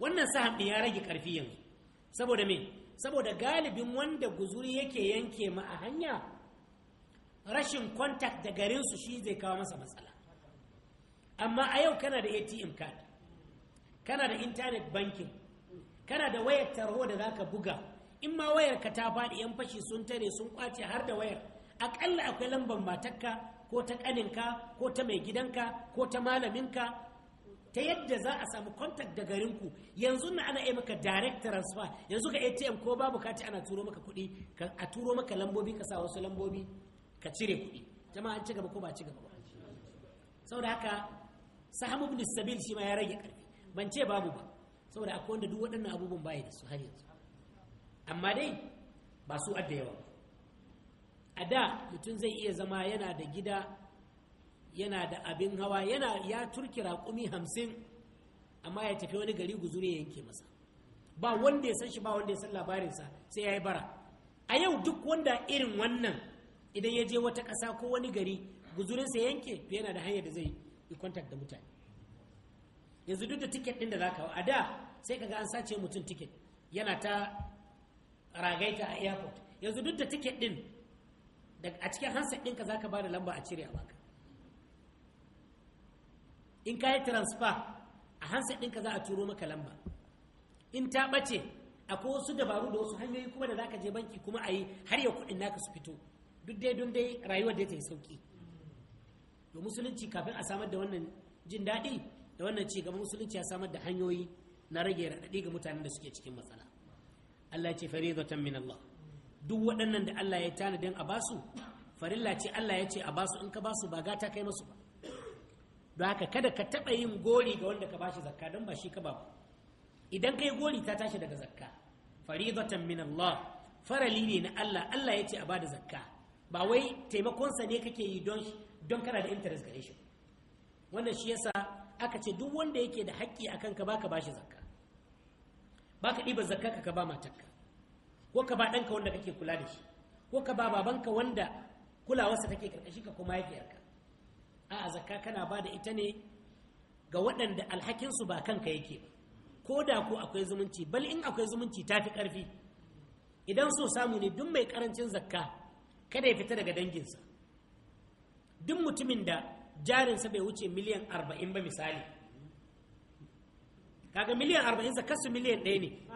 wannan sahan ɗin ya rage ƙarfi yanzu saboda me saboda galibin wanda guzuri yake yanke ma a hanya rashin kontak da garinsu shi zai kawo masa matsala amma a yau kana da atm card kana da internet banking kana da wayar tarho da za ka buga in ma wayar ka ta faɗi yan fashi sun tare sun kwace har da wayar akalla akwai lambar matakka ko ta ƙaninka ko ta mai gidanka ko ta malaminka ta yadda za a samu kontak da garinku yanzu na ana maka direct transfer yanzu ga atm ko babu kati ana turo maka kuɗi a turo maka lambobi ka sa wasu lambobi ka cire kuɗi jama an ci gaba ko ba ci gaba ba saboda haka sahamu bin sabil shi ma ya rage karfi ban ce babu ba saboda akwai wanda duk waɗannan abubuwan baya da su har yanzu amma dai ba su adda yawa a da mutum zai iya zama yana da gida yana da abin hawa yana ya turki raƙumi hamsin amma ya tafi wani gari guzuri ya yanke masa ba wanda ya san shi ba wanda ya san labarinsa sai ya yi bara a yau duk wanda irin wannan idan ya je wata ƙasa ko wani gari guzurinsa yanke to yana da hanyar da zai yi kwantar da mutane yanzu duk da tiket ɗin da za ka a da sai ka ga an sace mutum tiket yana ta ragaita a airport yanzu duk da tiket ɗin a cikin hansa ɗinka za ka ba da lamba a cire a baka in ka yi transfer a handset ɗinka za a turo maka lamba in ta ɓace akwai wasu dabaru da wasu hanyoyi kuma da za ka je banki kuma a yi har yau kuɗin naka su fito duk dai don dai rayuwar da ta yi sauƙi to musulunci kafin a samar da wannan jin daɗi da wannan ci gaba musulunci ya samar da hanyoyi na rage raɗaɗi ga mutanen da suke cikin matsala Allah ce faridatan min Allah duk waɗannan da Allah ya tanadin a basu farilla ce Allah ya ce a basu in ka basu ba gata kai masu ba don haka kada ka taɓa yin gori ga wanda ka bashi zakka don ba shi ka ba idan kai gori ta tashi daga zakka faridatan min Allah farali ne na Allah Allah ya ce a bada zakka ba wai taimakonsa ne kake yi don kana da interest gare shi wannan shi yasa aka ce duk wanda yake da haƙƙi akan ka baka bashi zakka baka ɗiba zakka ka ba matarka ko ka ba ɗanka wanda kake kula da shi ko ka ba babanka wanda kulawarsa take karkashi ka kuma yake yarka a'a zakka kana ba da ita ne ga waɗanda alhakinsu ba kanka yake ba ko da ko akwai zumunci bal in akwai zumunci ta fi ƙarfi idan so samu ne duk mai ƙarancin zakka kada ya fita daga danginsa duk mutumin da jarinsa bai wuce miliyan arba'in ba misali kaga miliyan arba'in su miliyan ɗaya ne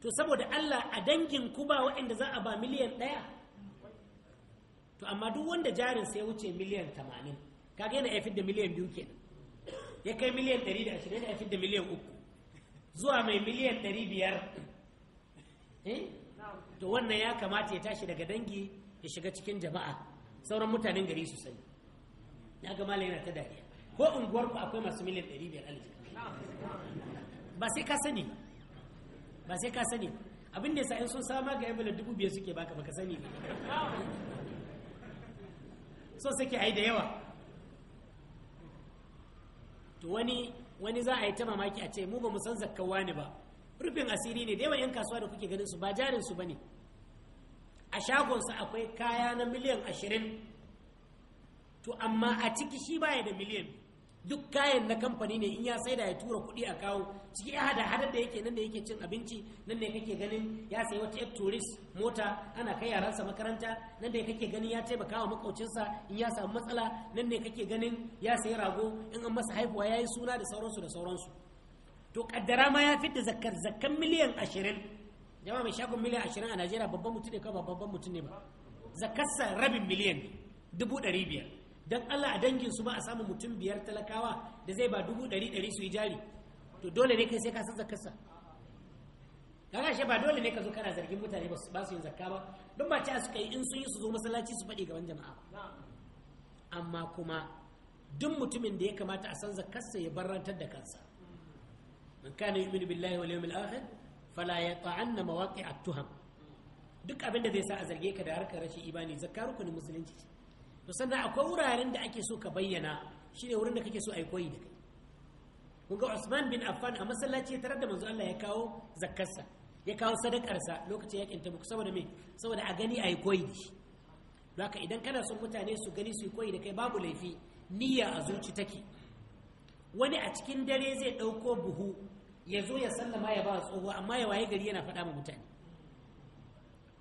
to saboda allah a dangin ku ba waɗanda za a ba miliyan ɗaya to amma duk wanda jarinsa ya wuce miliyan tamanin kaga yana haifar da miliyan biyu kenan ya kai miliyan ɗari da ashirin yana haifar da miliyan uku zuwa mai miliyan ɗari biyar eh? to wannan ya kamata ya tashi daga dangi ya shiga cikin jama'a sauran mutanen gari su sani ya ga malam yana ta dariya ko unguwar ku akwai masu miliyan ɗari biyar aljihar ba sai ka sani ba sai ka sani abin da yasa in sun sama ga yabala dubu biyar suke baka baka sani so suke ai da yawa to wani wani za a yi ta mamaki a ce mu ba mu san zakkawa ne ba rufin asiri ne da yawan 'yan kasuwa da kuke ganin su ba jarin su bane a shagonsa akwai kaya na miliyan ashirin to amma a ciki shi baya da miliyan duk kayan na kamfani ne in ya sai ya tura kuɗi a kawo ciki ya hada hadar da yake nan da yake cin abinci nan da kake ganin ya sayi wata yar turist mota ana kai yaransa makaranta nan da kake ganin ya taimaka wa makocinsa in ya samu matsala nan ne kake ganin ya sayi rago in an masa haihuwa ya yi suna da sauransu da sauransu to kaddara ma ya fitta zakar zakar miliyan ashirin jama'a mai shagon miliyan ashirin a najeriya babban mutum ne kawai babban mutum ne ba zakarsa rabin miliyan dubu ɗari biyar dan Allah a dangin su ba a samu mutum biyar talakawa da zai ba dubu ɗari ɗari su yi jari to dole ne kai sai ka san zakarsa kaga shi ba dole ne ka zo kana zargin mutane ba su yin zakka ba don ba a suka yi in sun yi su zo masallaci su faɗi gaban jama'a amma kuma duk mutumin da ya kamata a san zakkarsa ya barantar da kansa man kana yu'minu billahi wal yawmil akhir fala yata'anna mawaqi'at tuham duk abin da zai sa a zarge ka da harkar rashin imani zakka rukunin musulunci ce. to sannan akwai wuraren da ake so ka bayyana shine wurin da kake so a yi koyi da kai kun ga Usman bin Affan a masallaci ya tarar da manzo Allah ya kawo zakkarsa ya kawo sadakarsa lokacin yakin muku saboda me saboda a gani a yi koyi da shi haka idan kana son mutane su gani su yi koyi da kai babu laifi niyya a zuci take wani a cikin dare zai ɗauko buhu ya zo ya sallama ya ba tsoho amma ya waye gari yana faɗa ma mutane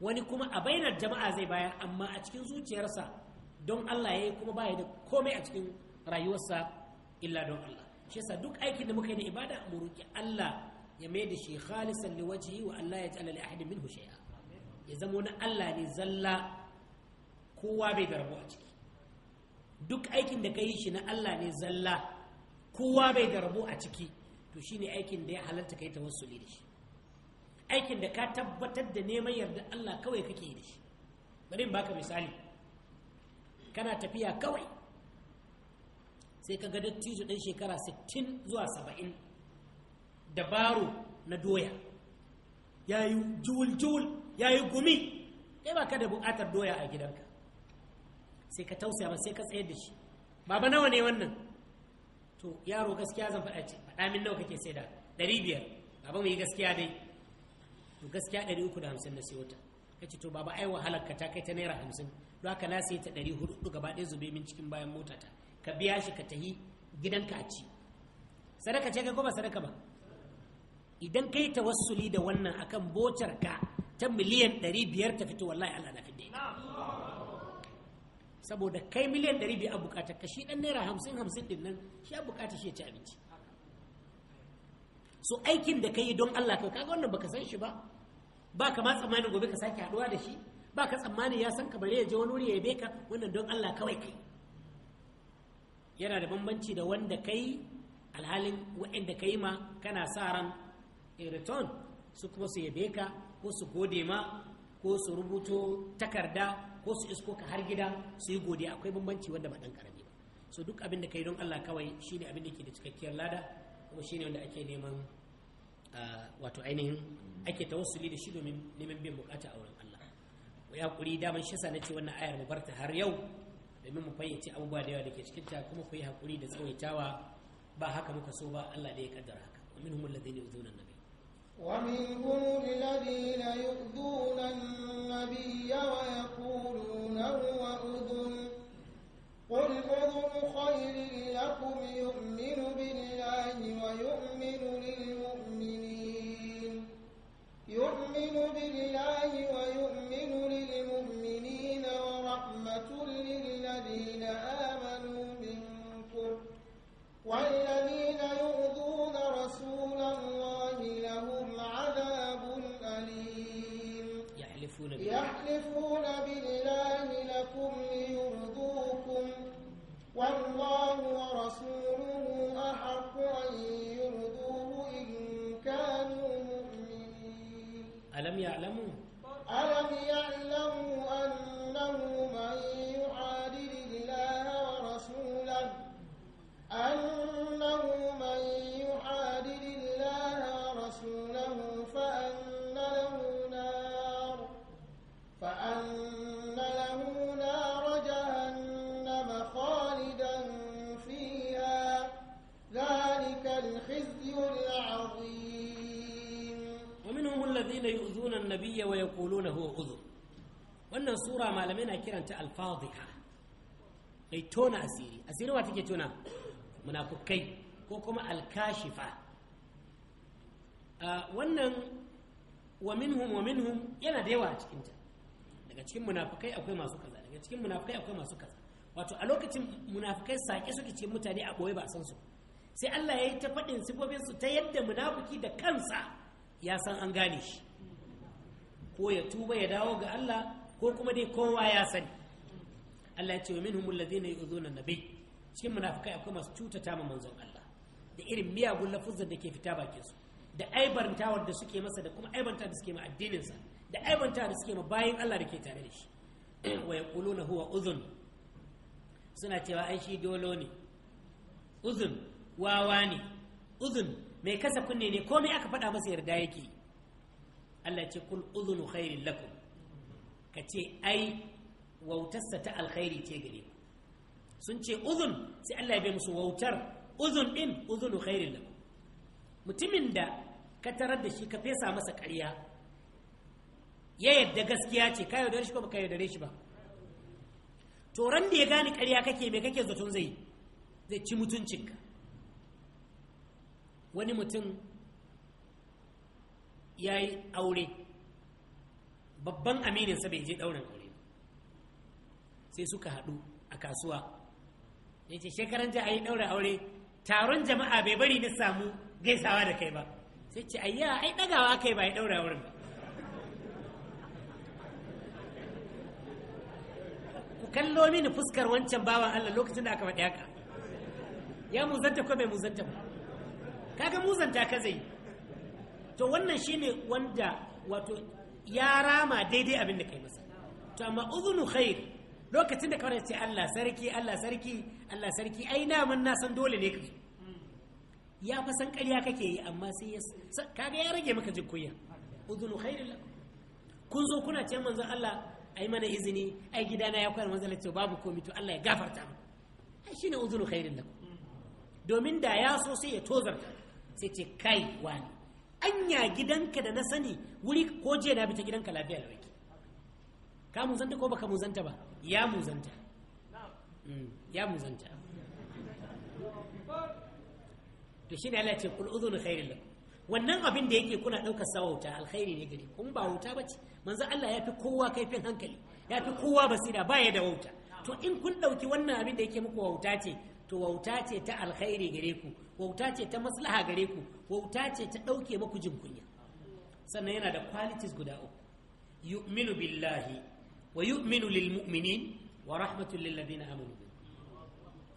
wani kuma a bainar jama'a zai bayar amma a cikin zuciyarsa don Allah ya yi kuma ba ya da komai a cikin rayuwarsa illa don Allah shi yasa duk aikin da muka yi na ibada mu roki Allah ya mai da shi khalisan liwajhi wa Allah ya ta'ala li ahadin minhu shay'a ya zamo na Allah ne zalla kowa bai da rabo a ciki duk aikin da ka yi shi na Allah ne zalla kowa bai da rabo a ciki to shine aikin da ya halarta kai tawassuli da shi aikin da ka tabbatar da neman yarda Allah kawai kake yi da shi bari in baka misali kana tafiya kawai sai ka ga dattijo ɗan shekara 60 zuwa 70 dabaru na doya ya yi juwul-juwul ya yi gumi kai ba ka da buƙatar doya a gidanka sai ka tausaya ba sai ka tsayar da shi baba nawa ne wannan to yaro gaskiya zan faɗa ce faɗa min nawa kake sai da ɗari biyar baba yi gaskiya dai to gaskiya ɗari uku da hamsin na sai wata ka ce to baba ai wahalar ka ta kai ta naira hamsin don haka na sai ta ɗari hudu gaba ɗaya zube min cikin bayan motata ka biya shi ka tahi gidanka a ci sadaka ce kai ko ba sadaka ba idan kai tawassuli da wannan akan bocar ka ta miliyan ɗari biyar ta fito wallahi Allah na fidda saboda kai miliyan ɗari biyar a bukatar ka shi ɗan naira hamsin hamsin ɗin nan shi a bukatar shi ya ci abinci so aikin da ka yi don Allah kai kaga wannan baka san shi ba ba ka ma tsammanin gobe ka sake haɗuwa da shi ba ka tsammanin ya san kamar bare ya je wani wuri ya yabe ka wannan don Allah kawai kai yana da bambanci da wanda kai alhalin wa'inda ka yi ma kana sa ran return su kuma su yabe ka ko su gode ma ko su rubuto takarda ko su isko ka har gida su yi godiya akwai bambanci wanda ba ɗan karami ba so duk abin da ka yi don Allah kawai shine abin da ke da cikakkiyar lada kuma shine wanda ake neman wato ainihin ake tawassuli da shi domin neman bin bukata a wurin Allah ya kuri daman shasa sa nace wannan ayar mu barta har yau domin mu fayyace abubuwa da yawa da ke cikin ta kuma ku yi hakuri da tsawaitawa ba haka muka so ba Allah da ya kaddara haka wa minhum alladhina yuzuna an-nabi wa malamai na kiranta alfadhiha mai tona asiri asiri wa take tona munafukai ko kuma alkashifa ah, wannan wa minhum wa minhum yana da yawa a cikinta daga cikin munafukai akwai masu kaza daga cikin munafukai akwai masu kaza wato a lokacin munafukai sake suke ce mutane a boye ba a san su sai Allah ya yi ta faɗin su ta yadda munafuki da kansa ya san an gane shi ko ya tuba ya dawo ga Allah ko kuma dai kowa ya sani Allah ya ce wa minhum alladhina yu'dhuna an-nabiy cikin munafikai akwai masu cutata ma manzon Allah da irin miyagun lafuzan da ke fita bakin su da aibantawar da suke masa da kuma aibanta da suke ma addinin sa da aibanta da suke ma bayin Allah da ke tare da shi wa yaquluna huwa udhun suna cewa ai shi dolo ne udhun wawa ne udhun mai kasa kunne ne komai aka faɗa masa yarda yake Allah ya ce kul udhunu khairin lakum ka ce ai wautarsa ta alkhairi ce gare ku sun ce uzun sai Allah ya bai musu wautar uzun din uzunu khairin lakum mutumin da ka tarar da shi ka fesa masa ƙarya ya yadda gaskiya ce ka yaudare shi ko baka yaudare shi ba to ran da ya gane ƙarya kake me kake zaton zai zai ci mutuncinka wani mutum ya yi aure babban aminin sa bai je ɗaurin aure sai suka haɗu a kasuwa ya ce shekaran ja a yi ɗaurin aure taron jama'a bai bari na samu gaisawa da kai ba sai ce ayya ai ɗagawa kai ba ya ɗaurin aure ba ku kallo mini fuskar wancan bawan Allah lokacin da aka faɗi haka ya muzanta ko bai muzanta ba kaga muzanta ka zai to wannan shine wanda wato ya rama daidai abin da kai masa to amma uzunu khair lokacin da kawai ce Allah sarki Allah sarki Allah sarki ai na mun na san dole ne kai ya fa san ƙarya kake yi amma sai ya kaga ya rage maka jin kunya uzunu khair kun zo kuna ce manzon Allah ai mana izini ai gidana ya kwana manzon Allah babu komi. to Allah ya gafarta mu ai shine uzunu khair domin da ya so sai ya tozarta sai ce kai wani anya gidanka da na sani wuri ko je na bi ta gidanka lafiya da wake ka muzanta ko baka muzanta ba ya muzanta mm, ya muzanta to shine Allah ce kul udhunu khairil lakum wannan abin da yake kuna daukar sa wauta alkhairi ne gari kuma ba wauta bace manzo Allah ya fi kowa kaifin hankali ya fi kowa basira Ba ya da wauta to in kun dauki wannan abin da yake muku wauta ce to wauta ce ta alkhairi gare ku wauta ce ta maslaha gare ku wauta ce ta ɗauke maku jin kunya sannan yana da qualities guda uku yu'minu billahi wa yu'minu lil mu'minin wa rahmatul lil ladina amanu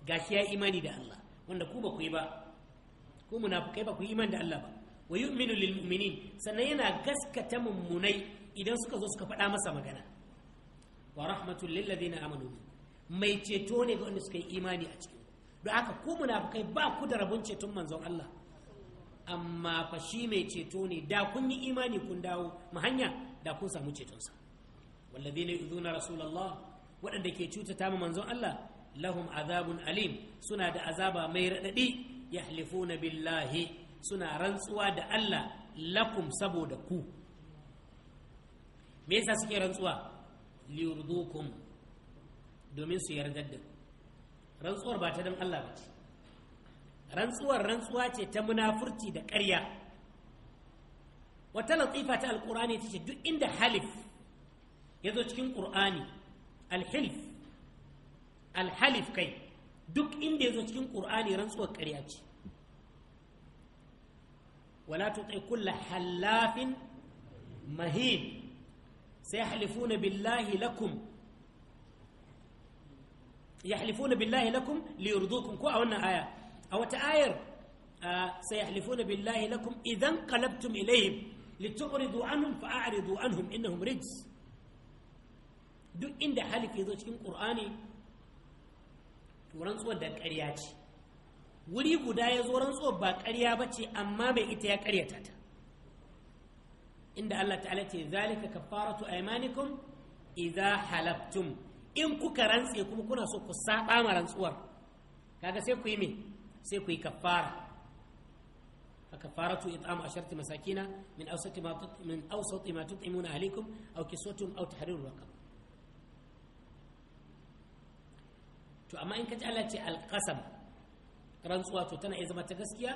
gashi ya imani da Allah wanda ku ba ku yi ba ku munafikai ba ku yi imani da Allah ba wa yu'minu lil mu'minin sannan yana gaskata mummunai idan suka zo suka faɗa masa magana wa rahmatul lil ladina amanu mai ceto ne ga wanda suka yi imani a cikin don haka ku munafukai ba ku da rabon ceton manzon Allah amma fa shi mai ceto ne da kun yi imani kun dawo mu hanya da kun samu cetonsa wallazi la yuzuna rasulullah waɗanda ke cutata mu manzon Allah lahum azabun alim suna da azaba mai radadi yahlifuna billahi suna rantsuwa da Allah lakum saboda ku me yasa suke rantsuwa liyurdukum domin su yarda da ku rantsuwar ba ta don Allah ba ce rantsuwar rantsuwa ce ta munafurci da ƙarya wata latifa ta alƙur'ani ta ce duk inda halif ya zo cikin ƙur'ani alhilf alhalif kai duk inda ya zo cikin ƙur'ani rantsuwar ƙarya ce wala tuti kulla hallafin mahin sai halifuna billahi lakum yahlifuna billahi lakum liyurdukum ko a wannan aya a wata ayar sayahlifuna billahi lakum idan kalabtum ilayhim litu'ridu anhum fa'ridu anhum innahum rijs duk inda halifi zo cikin qur'ani to rantsuwar da ƙarya ce wuri guda ya zo rantsuwar ba ƙarya ba ce amma bai ita ya ƙaryata ta inda Allah ta'ala ce zalika kafaratu aymanikum idza halaftum in kuka rantse kuma kuna so ku saba ma rantsuwar kaga sai ku yi me sai ku yi kafara فكفارة a sharti masakina. Min أوسط ما من أوسط ما تطعمون أهليكم أو كسوتهم أو تحرير رقبة. to amma in ka ji Allah ce alqasam rantsuwa to tana iya zama ta gaskiya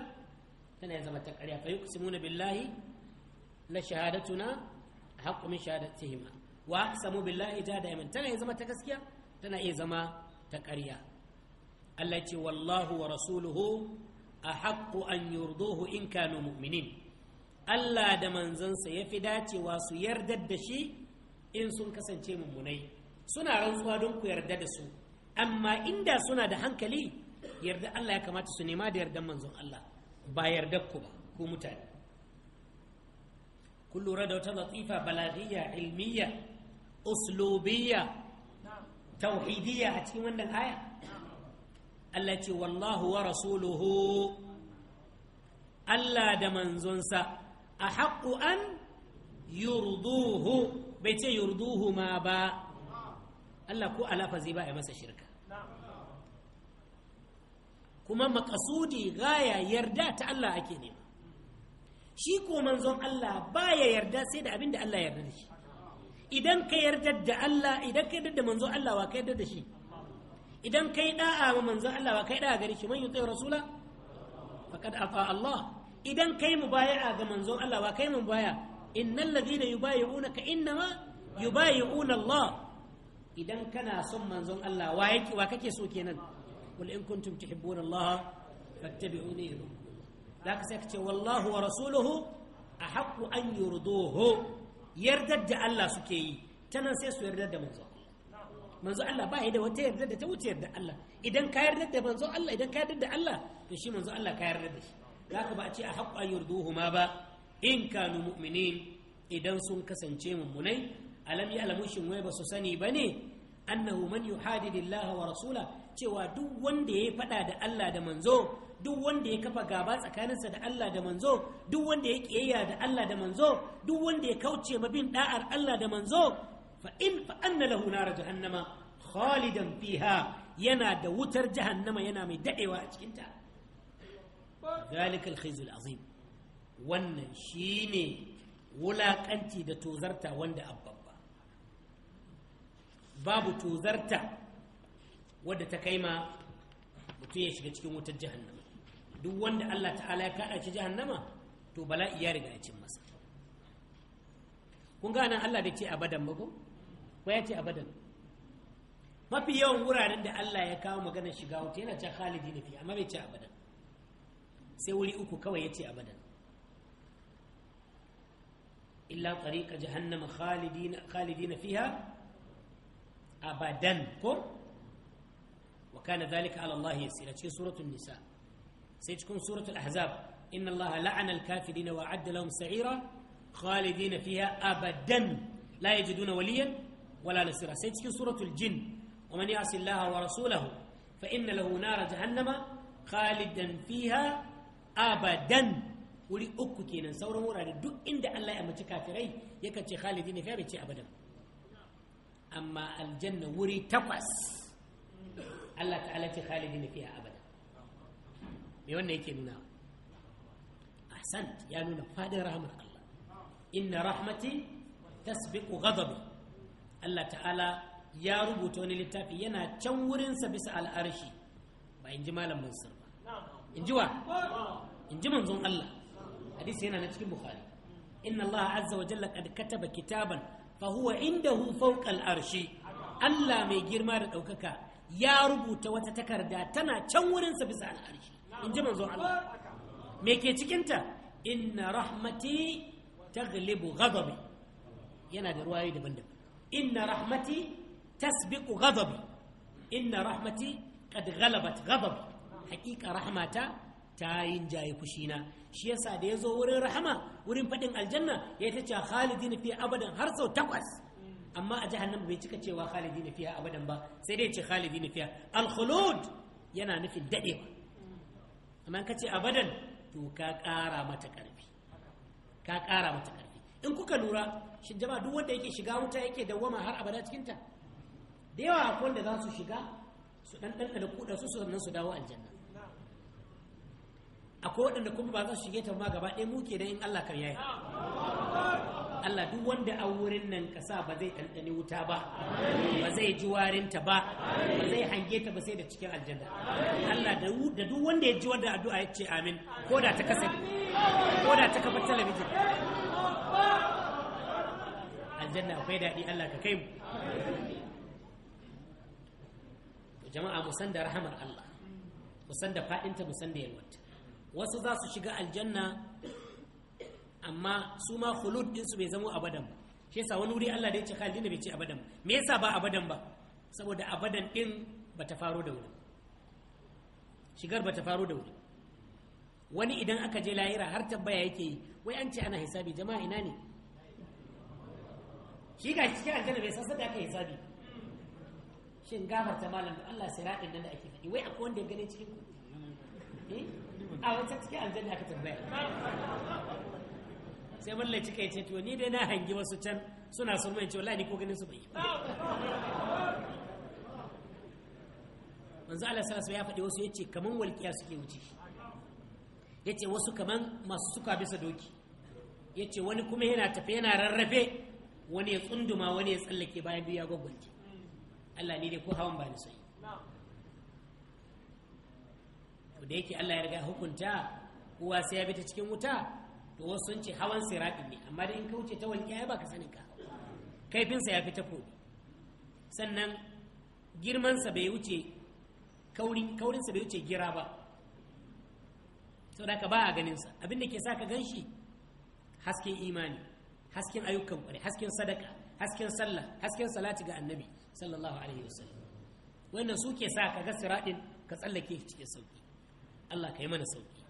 tana iya zama ta ƙarya fa yuqsimuna billahi la shahadatuna haqqu min shahadatihima wa samu billahi ta daiman tana iya zama ta gaskiya tana iya zama ta ƙarya Allah ce wallahu wa rasuluhu a haƙƙo an yurduhu in kanu mu'minin Allah da manzansa ya fi dacewa su yarda da shi in sun kasance mummunai suna rantsuwa don ku yarda da su amma inda suna da hankali yarda Allah ya kamata su nema da yardan manzon Allah ba yarda ku ba ku mutane Ku lura da wata latifa balagiyya ilmiyya uslubiyya tauhidiyya a cikin wannan aya Allah ce wallahu wa rasuluhu Allah da manzonsa a haƙu an yurduhu bai ce yurduhu ma ba Allah ko alafazi ba a masa shirka kuma makasudi gaya yarda ta Allah ake nema shi ko manzon Allah baya yarda sai da abin da Allah yarda da shi idan ka yarda da Allah idan ka yarda da manzo Allah wa ka yarda da shi idan kai da'a ma manzo Allah wa kai da'a gare shi man yuti rasula faqad afa Allah idan kai mubaya'a ga manzon Allah wa kai mubaya innal ladina yubayi'unaka innama yubayi'una Allah idan kana son manzon Allah wa yake wa kake so kenan wal in kuntum tuhibbuna Allah fattabi'uni zaka sai ka ce wallahu wa rasuluhu ahqqu an yurduhu yardar da Allah suke yi ta nan sai su yardar da manzo manzo Allah ba da wata yardar da ta wuce yardar Allah idan ka yardar da manzo Allah idan ka yardar da Allah to shi manzo Allah ka yardar da shi zaka ba a ce a haqqu an yurduhuma ba in kanu mu'minin idan sun kasance mummunai alam ya'lamu shin wai ba su sani bane annahu man yuhadidillaha wa rasula cewa duk wanda ya fada da Allah da manzo duk wanda ya kafa gaba tsakaninsa da Allah da manzo duk wanda ya kiyayya da Allah da manzo duk wanda ya kauce ma bin da'ar Allah da manzo fa in fa anna lahu nar jahannama khalidan fiha yana da wutar jahannama yana mai dadewa a cikin ta zalika alkhizul azim wannan shine wulakanci da tozarta wanda abbabba babu tozarta wadda ta kai ma mutum ya shiga cikin wutar jahannama duk wanda Allah ta'ala ya kada shi jahannama to bala'i ya riga ya cin masa kun gane Allah da ce abadan ba ko ya ce abadan mafi yawan wuraren da Allah ya kawo maganar shiga wuta yana ce khalidi ne fi amma bai ce abadan sai wuri uku kawai ya ce abadan illa tariqa jahannama khalidina khalidina fiha abadan ko wa kana dhalika ala Allah yasira ce suratul nisa' sai cikin suratul ahzab inna allaha la'ana al-kafirina wa adda lahum sa'ira khalidina fiha abadan la yajiduna waliyan wala nasira sai cikin suratul jin wa man ya'si allaha wa rasulahu fa inna lahu nara jahannama khalidan fiha abadan wuri uku kenan sauran wurare duk inda Allah ya mace kafirai yakan ce khalidina fiha bai ce abadan amma aljanna wuri takwas Allah ta'ala khalidina abadan me wannan yake nuna ahsan ya nuna fadin rahmar Allah inna rahmati tasbiqu ghadabi Allah ta'ala ya rubuta wani littafi yana can wurinsa bisa al'arshi ba in ji malam mansur ba in ji wa in ji manzon Allah hadisi yana na cikin bukhari inna Allah azza wa jalla qad kataba kitaban fa huwa indahu fawqa al'arshi Allah mai girma da ɗaukaka ya rubuta wata takarda tana can wurinsa bisa al'arshi in ji manzon Allah me ke cikinta inna rahmati taglibu ghadabi yana da ruwayoyi daban-daban inna rahmati tasbiqu ghadabi inna rahmati qad ghalabat ghadabi Hakika rahmata ta rinjaye fushina shi yasa da ya zo wurin rahama wurin faɗin aljanna ya ta ce khalidina fiya abadan har sau takwas amma a jahannama bai cika cewa khalidina fiya abadan ba sai dai ce khalidina fiya al yana nufin dadewa amma ka ce abadan to ka ƙara mata ƙarfi ka ƙara mata ƙarfi in kuka lura shi jama duk wanda yake shiga wuta yake dawwama har abada cikin ta da yawa akwai wanda za su shiga su dan dan da kuɗa su sannan su dawo aljanna akwai waɗanda kuma ba za su shige ta ma gaba ɗaya mu kenan in Allah kar yayi Allah duk wanda a wurin nan kasa ba zai ɗanɗani wuta ba ba zai ji warinta ba ba zai hange ta ba sai da cikin aljanna Allah da duk wanda ya ji wanda addu'a ya ce amin ko da ta kasa ko da ta kafa talabijin aljanna akwai daɗi Allah ka kai mu jama'a mu san da rahamar Allah mu san da fa'inta mu san da yalwata wasu za su shiga aljanna amma su ma khulud din su bai zama abadan ba shi yasa wani wuri Allah da ya ce khalidina bai ce abadan ba me yasa ba abadan ba saboda abadan din bata faro da wuri shigar bata faro da wuri wani idan aka je lahira har tabbaya yake yi wai an ce ana hisabi jama'a ina ne shi ga cikin aljanna bai san sadaka hisabi shin ta malam da Allah radin nan da ake faɗi wai akwai wanda ya gane cikin ku eh? a wata cikin aljanna aka tambaya sai mallai cika ya ce to ni dai na hangi wasu can suna surmai ce wallahi ko ganin su bai manzo Allah sallallahu ya faɗi wasu yace kaman walƙiya suke wuce yace wasu kaman masu suka bisa doki yace wani kuma yana tafe yana rarrafe wani ya tsunduma wani ya tsallake bayan biyu ya Allah ne dai ko hawan ba ni sai da yake Allah ya riga hukunta kowa sai ya bi ta cikin wuta to wasu sun ce hawan siraɗi ne amma da in ka wuce ta walƙiya ba ka sanin ka kaifinsa ya fi ta sannan girmansa bai wuce kaurinsa bai wuce gira ba sau da ka ba a ganinsa abin da ke sa ka gan shi hasken imani hasken ayyukan kware hasken sadaka hasken sallah hasken salati ga annabi sallallahu alaihi wasallam wannan su ke sa ka ga siraɗin ka tsallake cikin sauki Allah ka yi mana sauki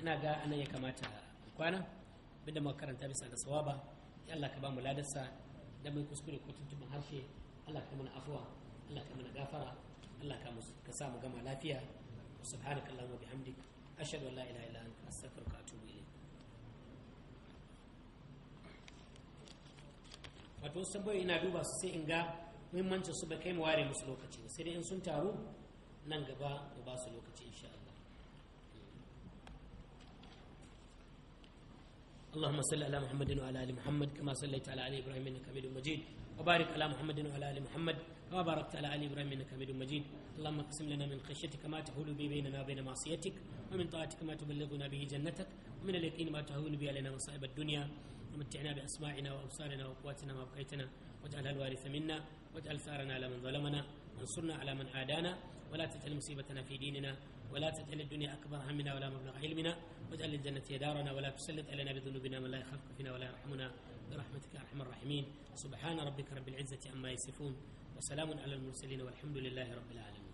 ina ga anan ya kamata kwana abinda muka karanta bisa ga sawaba ya Allah ka ba mu ladarsa da mai kuskure ko tuntuɓin harshe Allah ka mana afuwa Allah ka mana gafara Allah ka ka sa mu gama lafiya subhanaka wa bihamdik ashhadu an la ilaha illa anta astaghfiruka wa atubu ilayk wato wasu ina duba su sai in ga muhimmancin su ba kai mu ware musu lokaci sai dai in sun taru nan gaba mu ba su lokaci اللهم صل على محمد وعلى ال محمد كما صليت على ال ابراهيم انك حميد مجيد وبارك على محمد وعلى ال محمد كما باركت على ال ابراهيم انك حميد مجيد اللهم اقسم لنا من خشيتك ما تحول به بيننا وبين معصيتك ومن طاعتك ما تبلغنا به جنتك ومن اليقين ما تهون به علينا مصائب الدنيا ومتعنا باسماعنا وابصارنا وقواتنا ما بقيتنا واجعلها الوارث منا واجعل ثارنا على من ظلمنا وانصرنا على من عادانا ولا تجعل مصيبتنا في ديننا ولا تجعل الدنيا أكبر همنا ولا مبلغ علمنا واجعل الجنة دارنا ولا تسلط علينا بذنوبنا من لا يخافك فينا ولا يرحمنا برحمتك يا أرحم الراحمين سبحان ربك رب العزة عما يصفون وسلام على المرسلين والحمد لله رب العالمين